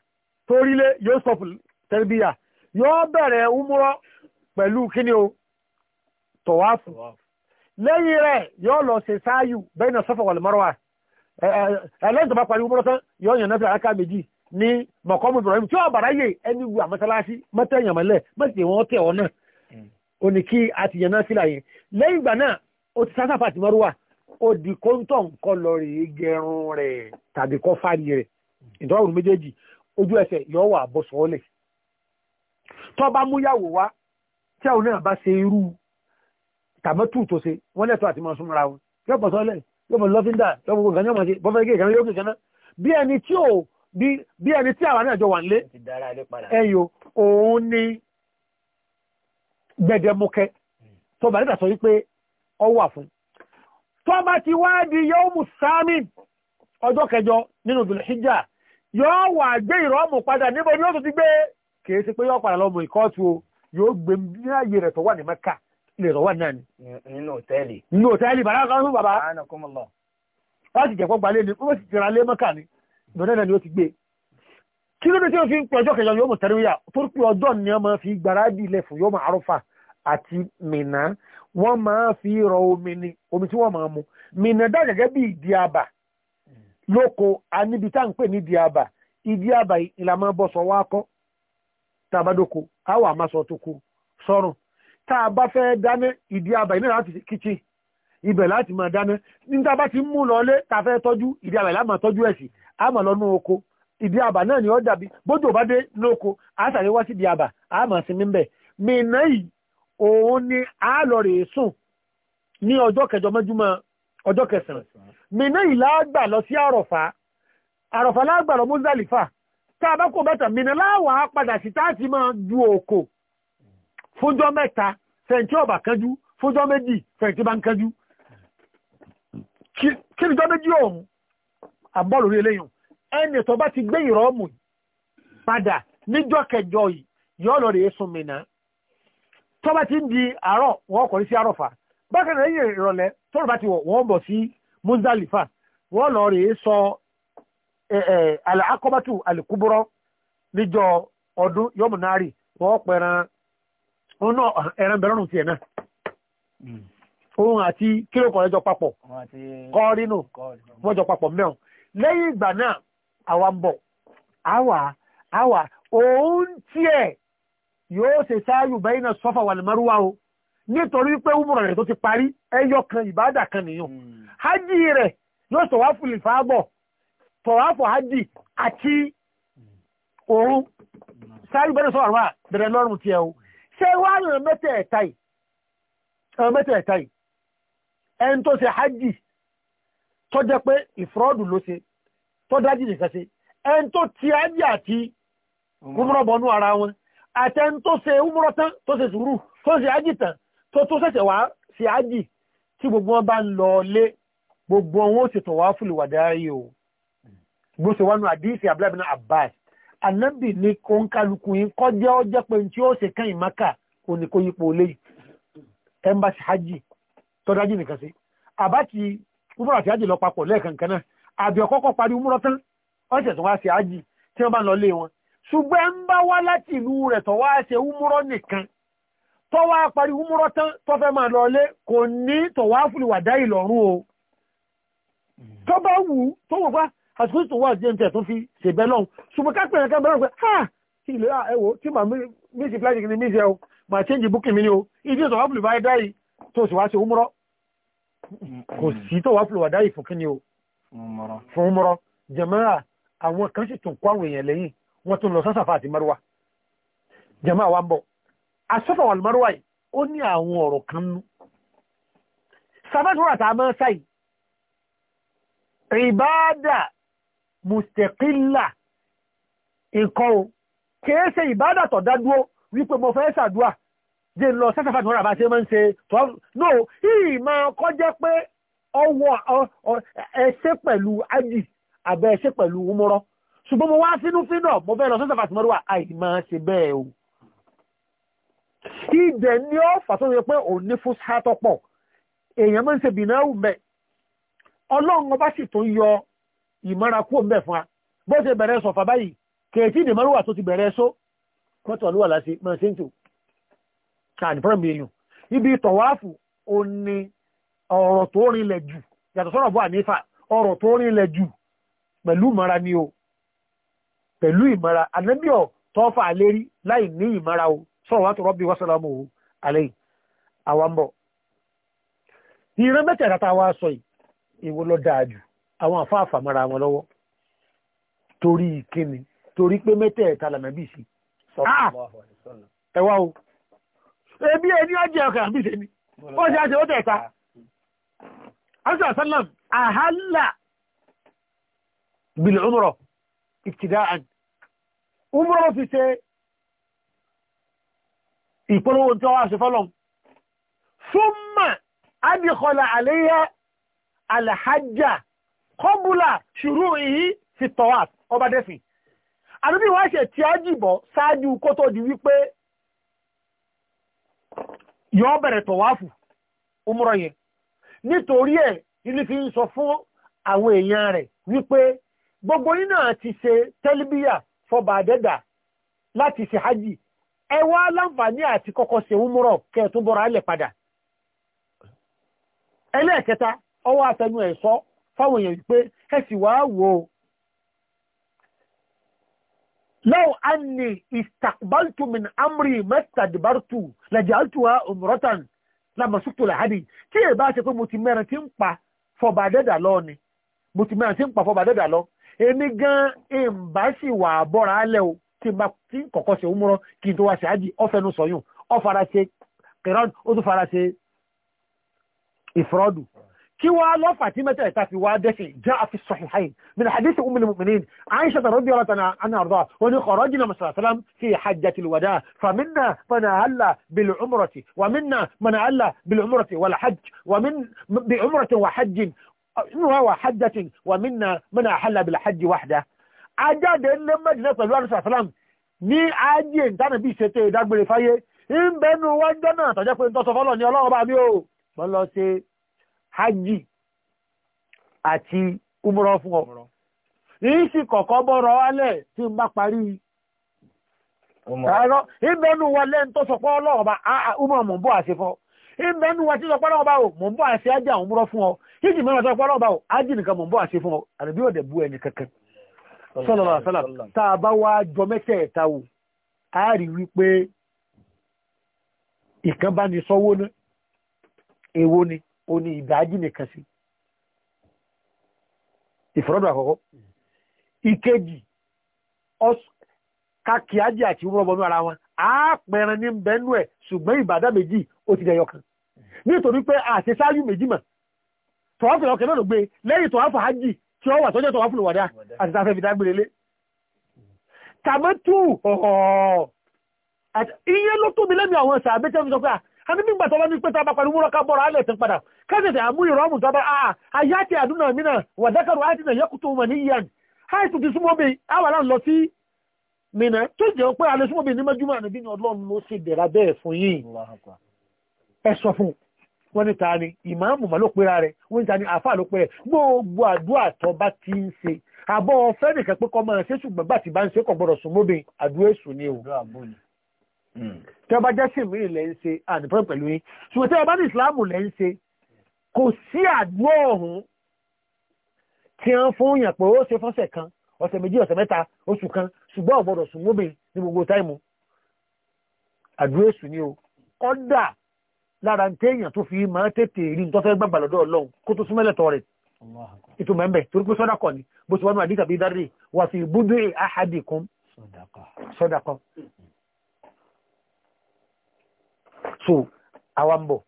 torílé yóò sọ̀pù tẹ́lbíyà yóò bẹ̀rẹ̀ umúrọ́ pẹ̀lú kíní o tọ̀wáfù lẹ́yìn rẹ̀ yóò lọ ṣe sáyù bẹ́ẹ̀ náà sọ́fọ̀ wàlùmọ́rọ́wà ẹlẹ́sìn bá parí umúrọ́ tán yóò yàn náà aka méjì ní mọ̀kọ́mù Ibrahim tí wọ́n bàrá yè ẹni wù àmọ́sálásí mọ́tẹ́yàn mọ́lẹ̀ mọ́tẹ́ wọn tẹ̀ wọn náà hmm. ó ní kí a ti yàn náà lọ rèé gẹrun rẹ̀ tàbí kọ́ fárí rẹ̀ ìdánwò méjèèjì ojú ẹsẹ̀ yọ wà bọ́ sọ́ọ́lẹ̀ tó bá múyàwó wá tí àwọn náà bá ṣe irú tàmẹ́tù tó ṣe wọ́n lẹ́tọ́ àti máa súnmọ́ra wọn yọ bọ́ sọ́ọ́lẹ̀ yọ bọ́ lọ́fíńdà yọ bọ́ nǹkan yọ mọ̀ sí bọ́fẹ́ gé ìkànnì yóò kì kaná bí ẹni tí àwọn náà jọ wà ń lé ẹyọ òun ni gbẹdẹmukẹ hmm. tó bá nígbà sọ wípé ọ wà fún tó ti wá di yawmu sáàmì ọjọ́ kẹjọ nínú Dhul Hijjah yóò wà gbé ìrọ́mù padà níbo ni ó tún ti gbé kìí ṣe pé yóò padà lọ́mọ ìkọ́tù o yóò gbé ní ààyè rẹ̀ tó wà ní mẹ́ka lè rọ̀ wà náà ni. nínú òtẹ́ẹ̀lì. nínú òtẹ́ẹ̀lì bàbá kan fún bàbá. wọ́n ti jẹ̀kọ́ gbalẹ̀ ni wọ́n sì ti ra lé mẹ́ka ni ìbẹ̀rẹ̀ náà ni ó ti gbé. kí ló dé tí o fi ń pè ọjọ́ kẹjọ yóò mọ̀ tẹ́lẹ̀wíyà tó pé ọjọ́ ni wọ́n máa fi gbáradì ilẹ̀ fún yóò máa arọ́fà àti mìnà wọ́n máa fi rọ omi ni omi tí wọ́n máa mu mìnà dá gẹ́gẹ́ bí ìdí àbà lóko aníbi tá ń pè ní diaba ìdiaba ìlànà bọ́sọ̀ wá kọ́ tàbádóko káwà máa sọ tó kú sọ́run tá a bá fẹ́ dáná ìdiaba ìnáwó láti kíchìn ibẹ̀ láti máa dáná ti mú lọlé tá a fẹ́ tọ́jú ìdiaba ìlànà máa tọ́jú ẹ̀sìn á máa lọ́nú oko ìdiaba náà ni ó dàbí bójú ò bá dé lóko á sàré wá sí ìdiaba á máa sinmi bẹ̀ mìíràn yìí òun ni á lọ rèé sùn ní ọjọ́ kẹjọ mọ́júmọ́ ọjọ́ kẹsàn-án mìíná ìlà àgbà lọ sí àrọ̀fà àrọ̀fà lágbà lọ mùsàlìfà tá a bá kó mẹ́ta mìíná láwà á padà sí tá a ti máa ju òkò fúnjọ́ mẹ́ta fẹ̀ǹtì ọ̀bà kánjú fúnjọ́ méjì fẹ̀ǹtì bá ń kánjú kí ni jọ́ méjì ọ̀hún àbọ̀ lórí eléyàn ẹni tó bá ti gbé ìrọ́mù padà níjọ́ kẹjọ yìí yọ́ lọ rèé sun mìíná tó bá ti ń di àárọ̀ wọ́n kọ̀rí sí àrọ̀fà bákan náà yìí ìrọ̀lẹ́ tọrọ bá ti wọ́n bọ̀ sí Muzdalifa wọ́n lọ rèé sọ alákọ́bátù alìkúbúrọ́ níjọ ọdún yọmùnárì wọ́n pẹ̀ran ọ̀nà ẹran bẹ̀rọ̀rùn tiẹ̀ náà hmm. òun àti kílòkọ̀ ẹjọ́ papọ̀ kọ́ọ̀rínù wọ́n papọ̀ mẹ́ọ̀ lẹ́yìn ìgbà náà àwa ń bọ̀ àwa àwa òun tiẹ̀ yóò ṣe sáyù nítorí pé umrọ̀ rẹ̀ tó ti parí ẹyọ kan ìbádà kan nìyàn hmm. hajj rẹ̀ yóò tọ̀wáfù lè fàábọ̀ tọ̀wáfù hajj àti òun sáré bẹ́rẹ̀ sọ́rọ̀ wà bẹ̀rẹ̀ lọ́rùn tí ẹ o ṣe wá ràn mẹ́tẹ̀ẹ̀ta yìí ẹn tó ṣe hajj tó jẹ́ pé ìfúrọ́dù ló ṣe tó dájì nìkan ṣe ẹn tó ti hajj àti umrọ̀ bọnú ara wọn àtẹn tó ṣe umrọ̀ tán tó ṣe sùúrù tó ṣe hajj tán tó tó ṣẹ̀ṣẹ̀ wá sí ájì tí gbogbo wọn bá ń lọ lé gbogbo wọn ó sì tọ̀ wá fúlù wàdáyé o gbogbo ṣe wánu àdíìsì abúlábìnà Abbas anábì ní kóńkálukú yín kọjá ọjọ́ pé tí ó ṣe kán ìmáka kò ní kó yípo lé ẹmbàṣì hajj tọ́dájì nìkan sí àbá ti umrọ̀ àti hajj lọ papọ̀ lẹ́ẹ̀kan kan náà àbí ọkọ́kọ́ parí umrọ̀ tán ọ̀sẹ̀ tó wá sí hajj tí wọ́n bá lọ lé wọn ṣùgbọ́n ń bá wá láti ìlú rẹ̀ tó ṣe umrọ̀ nìkan tọ́wọ́ apari umúrọ́ tán tọ́fẹ́ máa lọ lé kò ní tọ̀wọ́ áfúlùwàdá ìlọ̀rún o tó bá wù ú tó wò pa àsìkò tó wà jẹ́ ǹtẹ̀ tó fi ṣèbẹ́ lọ́hùn ṣùgbọ́n ká pẹ̀lú ẹ̀kẹ́ bẹ́rẹ̀ ha tí ilé ah, ẹ̀wò tí màá mí ti flight ní mísẹ̀ o màá change booking mi ni o ìdí tọ̀wọ́ áfúlùwàdá yìí tó sì wá ṣe umúrọ́ kò sí tọ̀wọ́ áfúlùwàdá yìí fún kíni o fún umúrọ́ jẹ̀mọ́ra àwọn kan sì tún kó àwọn èèyàn lẹ́yìn wọ́n tún lọ sásàfà àti mẹ́rùwà jẹ̀mọ́ àwa bọ̀ asọ́fà wà lùmọ́rọ́wà yìí ó ní àwọn ọ̀rọ̀ kan nú sàmẹ́sọ́rọ̀ àtàmọ́ sáì ìbáàdà mùsẹ̀kílà nǹkan o kìí ṣe ìbáàdà tọ̀ dádúó wípé mo fẹ́ ṣàdúà jẹ́ lọ sẹ́sàfà tí wọ́n rà bá ṣe máa ń ṣe tọ́ no yìí máa kọ́ jẹ́ pé ọwọ́ ẹṣẹ́ pẹ̀lú ájì àbẹ́ ẹṣẹ́ pẹ̀lú umọ́rọ́ ṣùgbọ́n mo wá sínú fínà mo fẹ́ lọ sẹ́sàfà tí wọ́n rà àì máa ṣe bẹ́ẹ̀ o ibẹ̀ ni ó fàtọ́ yẹ pé òun ní fún sátọ́ pọ̀ èèyàn máa ń ṣe ọlọ́run ọba sì yọ ìmọ́ra kúrò fún wa bó ṣe bẹ̀rẹ̀ sọ̀fà báyìí kèétí tó ti bẹ̀rẹ̀ só kọ́tọ̀ ló wà láti máa ṣe ń tò ibi ó ní ọ̀rọ̀ tó rinlẹ̀ jù yàtọ̀ sọ́rọ̀ ànífà ọ̀rọ̀ tó rinlẹ̀ jù ni o pẹ̀lú lérí láì ní o salawatu rabbi wa salamuhu alayhi àwa ń bọ̀. ìran mẹ́tẹ̀ẹ̀ta tá a wá sọ yìí ìwo ló dáa jù àwọn àfáàfà mara wọn lọ́wọ́ torí kíni torí pé mẹ́tẹ̀ẹ̀ta lànàbí sí. ẹ wá o ebi ẹni ọjọ́ ọkàn àbí sẹ́ni ìpolówó tí wọ́n wá ṣe fọ́lọ́n súnmà adìkọlà àléyà alhajjá kọbùlà ṣùrù ìyí fi tọ́wà ọba dẹ́fì àdúgbì wá ṣe tí a jìbọ̀ sáájú kó tó di wípé yọ bẹ̀rẹ̀ tọ̀wáfù umrọ̀ yẹn nítorí ẹ̀ ilé fi ń sọ fún àwọn èèyàn rẹ̀ wípé gbogbo yín ti ṣe tẹ́líbíyà fọba àdẹ́dà láti ṣe hajj ẹ wá láǹfààní àti kọ́kọ́ ṣe umúrọ̀ kẹ́ tún bọ́ra alẹ̀ padà ẹlẹ́ẹ̀kẹta ọwọ́ àtẹnu ẹ̀ sọ fáwọn èèyàn wípé ẹ sì wá wò ó لو أني استقبلت من أمري ما استدبرت لجعلتها أمرة لما سكت لحدي bá ṣe pé mo ti mẹ́rin tí ń pa fọba dẹ́dà lọ ni mo ti mẹ́rin tí ń pa fọba dẹ́dà lọ èmi gan ìbá sì wà bọ́ra alẹ́ tí bá tí kọ̀kọ́ ṣe umuro kí tó wá ṣe ájì o ọ̀fẹ́nu sọ̀yún fara ṣe qiran ó tún fara ṣe ìfọ́rọ́dù kí wá lo fatima tí ta fi wá de dẹ́sẹ̀ já fi sahihayn min hadith um al-mu'minin aisha radhiyallahu ta'ala anha arda wa li kharajna masala salam fi hajjat al-wada fa minna man alla bil umrati wa minna man alla bil umrati wal hajj wa min bi umrati wa hajj wa hajjati wa minna man ahalla bil hajj wahda ajáde ní mẹ́dínà pẹ̀lú àrùsà sàlám ní ajé ìtànà ìṣètò ìdágbére fáyé náà tọ́jọ́ pé ń ní ọlọ́run bá mi ò lọ sí hajj àti umrọ fún ọ yìí sì kọ̀kọ́ bọ́rọ̀ tí ń bá parí Ọmọ. ìbẹ̀nu wa lẹ́n tó sọpọ́ ọlọ́run bá ah, ah, umrọ mọ̀ bọ́ àṣẹ sọ́lọ́lọ́ àṣálà tá a bá wá jọ a rí wípé ìkan bá ní sọ́wọ́ ní ni o ní ìdájí nìkan sí ìfọ́rọ́dọ̀ àkọ́kọ́ ìkejì kàkíájì àti ara wọn a pẹran ní bẹ́ẹ̀nú ẹ̀ ṣùgbọ́n ìbàdá méjì ó ti dẹyọ kan nítorí pé àṣeṣáájú méjì mọ̀ tọ́wọ́fẹ̀ ọkẹ̀ náà ló gbé lẹ́yìn tọ́wọ́fẹ̀ tí ó wà tọ́jọ́ tó wá fún ìwàdá àti tàfẹ́ fi dágbèrè lé tàbẹ́tù ọ̀họ̀ iye ló tóbi lẹ́nu àwọn sàbẹ́ tẹ́ fi sọ pé a ní nígbà tó bá ní pé tá bá a ayá ti àdúnà mìíràn wà dákàrò àti nà yẹkùtù mọ̀ ní yíyan àìsù ti súnmọ́ bí àwà láà lọ sí mìíràn tó jẹ́ pé alẹ́ súnmọ́ bí ní mẹ́júmọ́ àníbí ni ọlọ́run ló ṣe dẹ̀ra bẹ́ẹ̀ fún yìí ẹ fún wọ́n ní ta ni ìmáàmù mà ló pera rẹ̀ wọ́n ní ta ni àáfàá ló pera rẹ̀ gbogbo àdúrà tó bá ti ń ṣe àbọ̀ ọ̀fẹ́ nìkan pé kọ́ máa ṣe ṣùgbọ́n bá ti bá ń ṣe kò gbọ́dọ̀ sùn mọ́bìn àdúrà èṣù ni o. Hmm. tí wọ́n bá jẹ́ sí ìmíràn lẹ́ ń ṣe àní pẹ̀lú yín ṣùgbọ́n tí wọ́n ní ìsìláàmù lẹ́ ń ṣe kò sí àdúrà ọ̀hún tí wọ́n fún yàn pé ó ṣe fọ́sẹ̀ kan ọ̀sẹ̀ méjì ọ̀sẹ̀ mẹ́ta oṣù kan ṣùgbọ́n ọ̀gbọ́dọ̀ sùn mọ́bìn ní gbogbo táìmù àdúrà èṣù ni o kọ́dà lára ń téèyàn tó fi máa tètè rí tó fẹ́ gbàgbà lọ́dọ̀ ọlọ́run kó tó súnmọ́lẹ̀ tọ́ rẹ̀ ètò mẹ́mbẹ̀ torí pé sọ́dà kọ̀ ni bó ti wá nù àdìgàbí dárè wà fi búdú ahadikum sọ́dà kọ́. so àwa ń bọ̀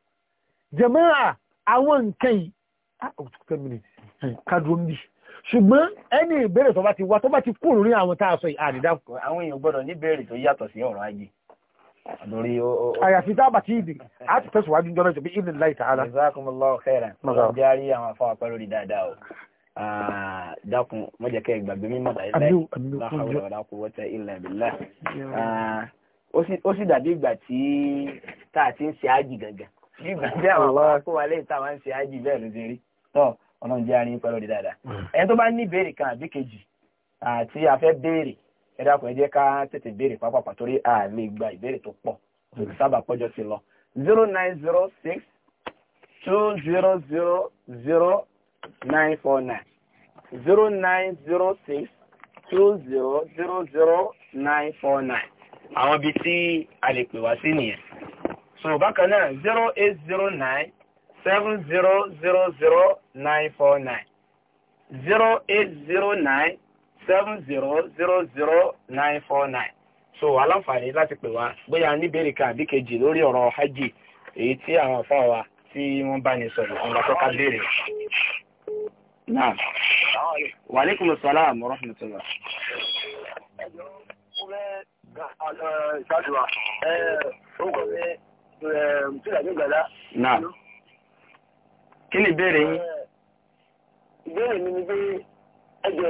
jẹ̀mọ́ra àwọn nǹkan yìí ah, kádùn bí ṣùgbọ́n ẹni ìbéèrè tó bá ti wá tó bá ti kúrò ní àwọn tá a sọ yìí àdìdá. àwọn èèyàn gbọ́dọ̀ ní ìbéèrè tó yàtọ̀ sí ọ̀rọ̀ ajé àyàfi tá a bá ti ìdì a ti tẹ̀síwájú jọ́nà ìjọba ìdì láì tààlà. jazakumullahu khairan ọ̀rọ̀ járí àwọn afọ́wà pẹ̀lú rí dáadáa o dákun mo jẹ́ kẹ́ ìgbàgbé mímọ́ láìláì ó sì dàbí ìgbà tí tá a ti ń ṣe ájì gangan nígbà tí àwọn akọ́wà lẹ́yìn táwọn ń ṣe ájì bẹ́ẹ̀ ló ti rí tọ́ ọ̀nà járí pẹ̀lú rí dáadáa ẹni tó bá ní ìbéèrè kan àbí àti a fẹ́ ẹ dákun ẹ jẹ́ ká tètè béèrè pápápá torí àmì gba ìbéèrè tó pọ̀ òṣèlú sábà pọ́jọ́ ti lọ zero nine zero six two zero zero zero nine four nine zero nine zero six two zero zero zero nine four nine àwọn ibi tí a lè pè wá sí nìyẹn so bákan náà zero eight zero nine seven zero zero zero nine four nine zero eight zero nine. seven zero zero zero nine four nine so aláǹfààní láti pè wá bóyá níbèrè kan àbí kejì lórí ọ̀rọ̀ hajj èyí tí àwọn afọ́ wa tí wọ́n bá ní sọ̀rọ̀ fún wọn tọ́ka béèrè. wàlékùn sàlám rọ́fìmùtìlá. kí ni ìbéèrè yín. ìbéèrè mi ni ẹjọ́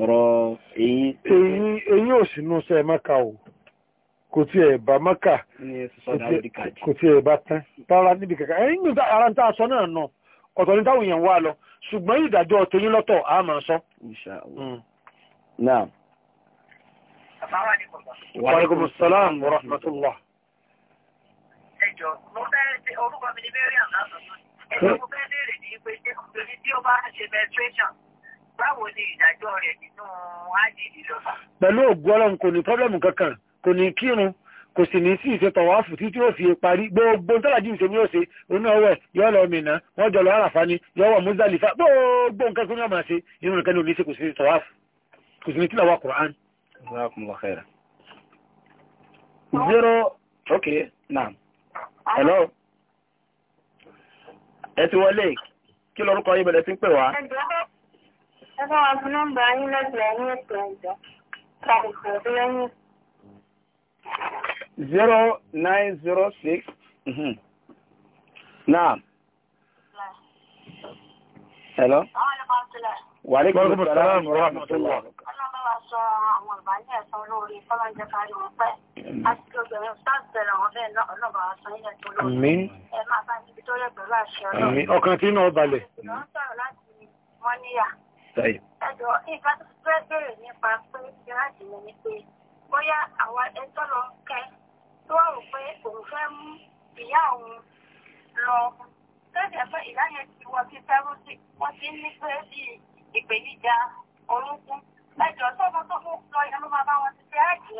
ọ̀rọ̀ eyi eyi èyí ò o kò tiẹ̀ bá mẹ́ka kò tiẹ̀ bá tán rárá níbi kankan ara ń sọ náà nà ọ̀tọ̀ ní táwọn èèyàn wá lọ ṣùgbọ́n ìdájọ́ tẹ̀yìn lọ́tọ̀ á máa sọ. Hmm. naam. wa wa rahmatullah. ẹ orúkọ mi ni báwo ni ìdájọ́ rẹ̀ nínú ájídì lọ́fà. pẹ̀lú ògùn ọlọ́run kò ní pọ́blẹ́mù kankan kò ní kírun kò sì ní sí ìṣètò wàáfù títí ó fi parí gbogbo tọ́lájú ìṣe ní òṣè oní ọwẹ́ yọ lọ mìíràn wọ́n jọ lọ àràfà ni yọ wọ muzalifa gbogbo nǹkan tó ní ọmọ ṣe inú nǹkan ní oníṣe kò sí ìṣètò wàáfù kò sì ní tìlàwà Qur'an. zero okay naam hello ẹ ti wọlé kí lorúkọ yín bẹ̀rẹ̀ sí ń pè wá. ẹ̀jẹ̀ ẹ bá wa fi nọ́mbà yín lẹ́gbẹ̀ẹ́ ní ètò ẹ̀jọ́ tàbí pẹ̀lú lẹ́yìn. zero nine zero six mhm. naam. hello. wàlẹ́kùn sàlámù rahmatulah sọ àwọn ọ̀bá ní ẹ̀sán olóore fọ́lájẹ́ kárí wọn pẹ́. Àti obìnrin sáàbẹ̀rẹ̀ àwọn bẹ́ẹ̀ náà ọlọ́ba ọ̀sán ilẹ̀ tó lóore. Ẹ máa bá níbi tó yẹ pẹ̀lú àṣẹ ọlọ́run. Ọkàn tí náà balẹ̀. Ìlọ́sọ̀rọ̀ láti mọ́níyà. Sẹ́yìn. Ẹ̀dọ̀ nǹkan tó fẹ́ bèrè nípa pé ìrántí ni pé bóyá àwọn ẹjọ́ lọ kẹ́ tó wà wò pé òun fẹ́ mú ìyá òun lọ. Tẹ́lẹ̀ pé ìyá yẹn ti wọ sí sẹ́rúsì, wọ́n ti ní pé bí ìpèníjà orúnkún. Ẹjọ́ tó ọmọ tó fún lọ yẹn ló máa bá wọn ti ṣe àìsí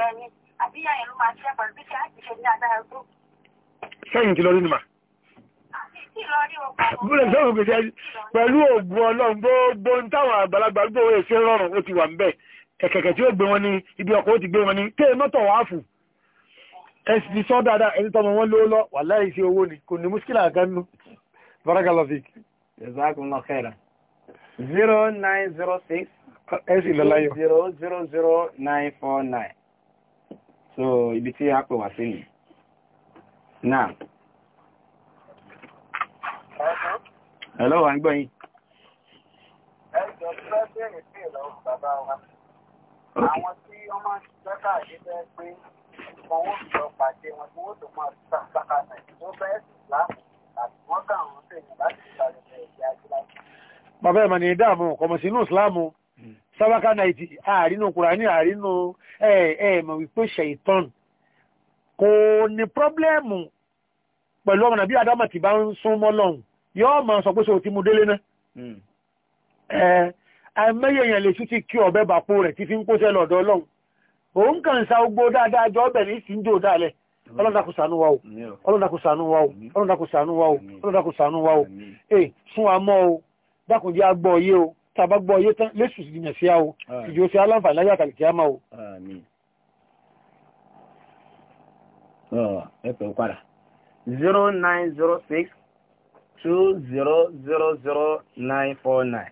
Bílẹ̀ sọ́run kìí ṣe pẹ̀lú ògùn ọlọ́run gbogbo ń táwọn àgbàlagbà gbogbo owó èsì rọrùn ó ti wà ń bẹ̀. Ẹ̀kẹ̀kẹ̀ tí ó gbé wọn ní ibi ọkọ̀ ó ti gbé wọn ní tẹ́ mọ́tọ̀ wá fù. Ẹ sọ dáadáa ẹni tọmọ wọn lówó lọ wà láì sí owó ni kò ní múṣkìlà kan Baraka lọ fi. lọ láyọ̀. zero zero zero nine four nine. So ibi tí a pè wá sí Now. Hello, à ń gbọ́ yín. Ẹjọ́ tí wọ́n bẹ̀rẹ̀ sí ìlọ́wọ́ bàbá wa. Àwọn tí wọ́n máa ń ṣiṣẹ́ káàdé fẹ́ pé wọn ó lọ pàdé wọn tí wọ́n tó máa ṣàkàkà tí wọ́n fẹ́ sì láàmú àti wọ́n kà wọ́n sèyìn láti ṣàlùfẹ́ ìdí ajíláṣí. Bàbá ẹ̀ mà ní ìdààmú kọ̀mọ̀sí inú ìsìláàmù hmm. sábàkà náìtì àárínú kùránì àárínú ẹ̀ ẹ̀ wípé ṣèyítọ́n kò ní pọ́blẹ́mù pẹ̀lú ọmọ nàbí adámọ̀ tí bá ń sún mọ́ lọ́hùn yóò mọ̀ sọ pé sọ ti mú délé náà hmm. ẹ̀ẹ́mẹ́yẹ̀ yẹn lè ṣútí kí ọ̀bẹ bàpò rẹ̀ ti fi ń kóṣẹ́ lọ́dọ̀ ọlọ́run òun kàn ń sa ogbó dáadáa jọ ọbẹ̀ ní sí ń jò dálẹ̀ ọlọ́dàkùsànú wa o ọlọ́dàkùsànú wa o ọlọ́dàkùsànú wa o ọlọ́dàkùsànú wa o ẹ̀ fún wa mọ́ o dákùnjẹ́ agbọ́ yé o tàbá gbọ́ yé tán lẹ́sù sí jìnà sí a o ìjò sí aláǹfààní láyé àkàlìkì a máa o. ẹ pẹ̀lú padà zero nine zero six two zero zero zero nine four nine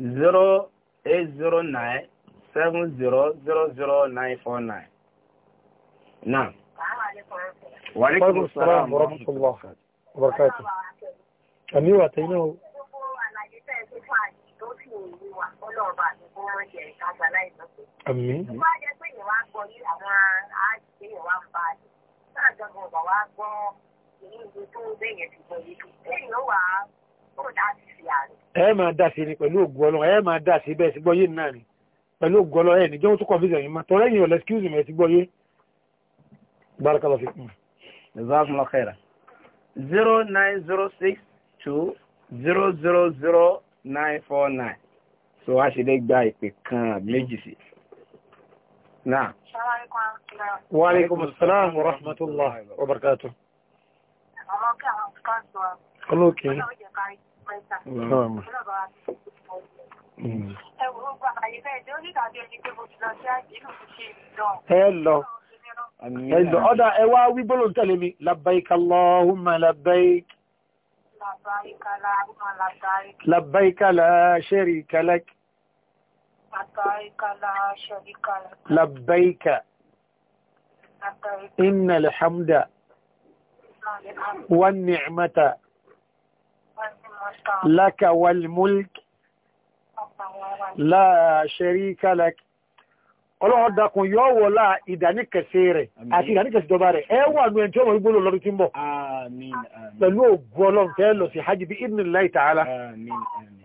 zero eight zero nine seven zero zero zero nine four nine. Now. وعليكم السلام ورحمة الله وبركاته náà gangan ọ̀bà wa gbọ́ èyí ìwé tó bẹ̀yẹ̀ ti gbọ́ yìí lẹ́yìn ó wà á kó dá sí sí àárẹ̀. ẹ máa dá sí ni pẹ̀lú ògùn ọlọ́run ẹ máa dá sí bẹ́ẹ̀ sí gbọ́ yé náà ni pẹ̀lú ògùn ọlọ́run ẹ níjọ́ tó kọ̀ fíìsì ẹ̀yìn máa tọ́lẹ́yìn ọ̀lẹ́ excuse me ẹ ti gbọ́ yé barakallahu fikum. jazakumullahu khairan zero nine zero six two zero zero zero nine four nine so a ṣe lè gba ìpè kan méjì sí i. نعم وعليكم السلام ورحمة الله وبركاته خلوك هلا هذا اواوي بلون تلمي لبيك اللهم لبيك لبيك لا شريك لك لبيك لا شريك لك إن الحمد والنعمة لك والملك لا شريك لك ọlọ́run dákun yóò wọlá ìdáníkẹsẹ̀ rẹ̀ àti ìdáníkẹsẹ̀ ìjọba rẹ̀ ẹ wà ní ẹni tí ó mọ̀ gbóló lọ́dún tí ń bọ̀ pẹ̀lú ògùn ọlọ́run fẹ́ lọ sí hajj ibn Allah ta'ala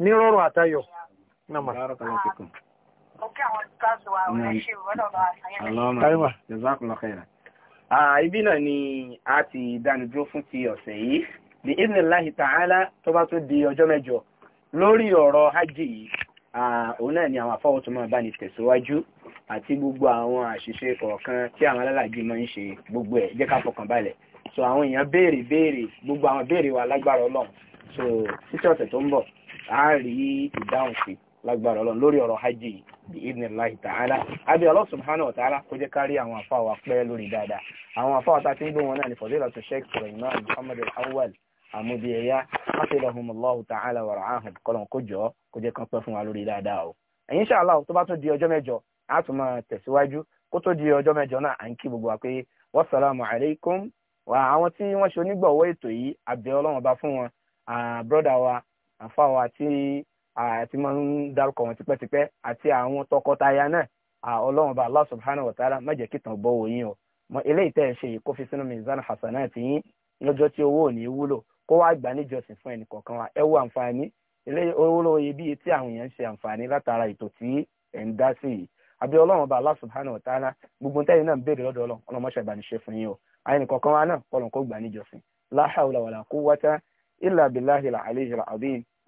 ní rọrùn àtayọ̀ náà Mm. Ah, ibi náà ni a ti dánidúró fún ti ọ̀sẹ̀ yìí bí ìdínláhì tààlá tó bá tún di ọjọ́ mẹ́jọ lórí ọ̀rọ̀ hajji yìí òun náà ni àwọn afọ́wọ́ tó máa bá ní tẹ̀síwájú àti gbogbo àwọn àṣìṣe kọ̀ọ̀kan tí àwọn alálàájì máa ń ṣe gbogbo ẹ̀ jẹ́ ká balẹ̀ so àwọn èèyàn béèrè béèrè gbogbo àwọn béèrè wa lágbára ọlọ́run so títí ọ̀sẹ̀ tó ń bọ̀ a rí ìdáhùn sí lágbára ọlọ́run lórí ọ̀rọ̀ hajji yìí bí idhnillahi ta'ala àbí Allah subhanahu wa ta'ala kó jẹ́ kárí àwọn àfáwà pẹ́ lórí dáadáa àwọn àfáwà tá a ti ń gbé wọn náà ní fadilatu sheikh Sulaiman Muhammad al-Awwal àmúdi ẹ̀yà hafidhahumullahu ta'ala wa ra'ahum kọ́lọ̀ kó jọ kó jẹ́ kan pẹ́ fún wa lórí dáadáa o insha Allah tó bá tún di ọjọ́ mẹ́jọ á tún máa tẹ̀síwájú kó tó di ọjọ́ mẹ́jọ náà à ń gbogbo wa pé wassalamu alaikum wa àwọn tí wọ́n ṣe onígbọ̀wọ́ ètò yìí àbẹ̀ ọlọ́run bá fún wọn brọ́dà wa àfa wa tí àti máa ń dárúkọ wọn tipẹ́tipẹ́ àti àwọn tọkọtaya náà ọlọ́run bá Allah subhanahu wa ta'ala má jẹ́ kí tàn bọ́ òyìn o mọ eléyìí tẹ́ ẹ ṣe yìí kó fi sínú mizan hasanat yín lọ́jọ́ tí owó ò ní wúlò kó wá gbà níjọsìn fún ẹnì kọ̀ọ̀kan wa ẹ wo àǹfààní eléyìí olówó iyebíye tí àwọn èèyàn ń ṣe àǹfààní látara ètò tí ẹ̀ ń dá sí yìí àbí ọlọ́run ọba Allah subhanahu wa ta'ala gbogbo tẹ́yìn náà ń béèrè lọ́dọ̀ ọlọ́run ọlọ́mọṣẹ́ ìbánisẹ́ fún yín o àyìn kọ̀ọ̀kan wa náà kọ́lọ̀ kó gbà níjọsìn la hawla wala quwwata illa billahi al-aliyyil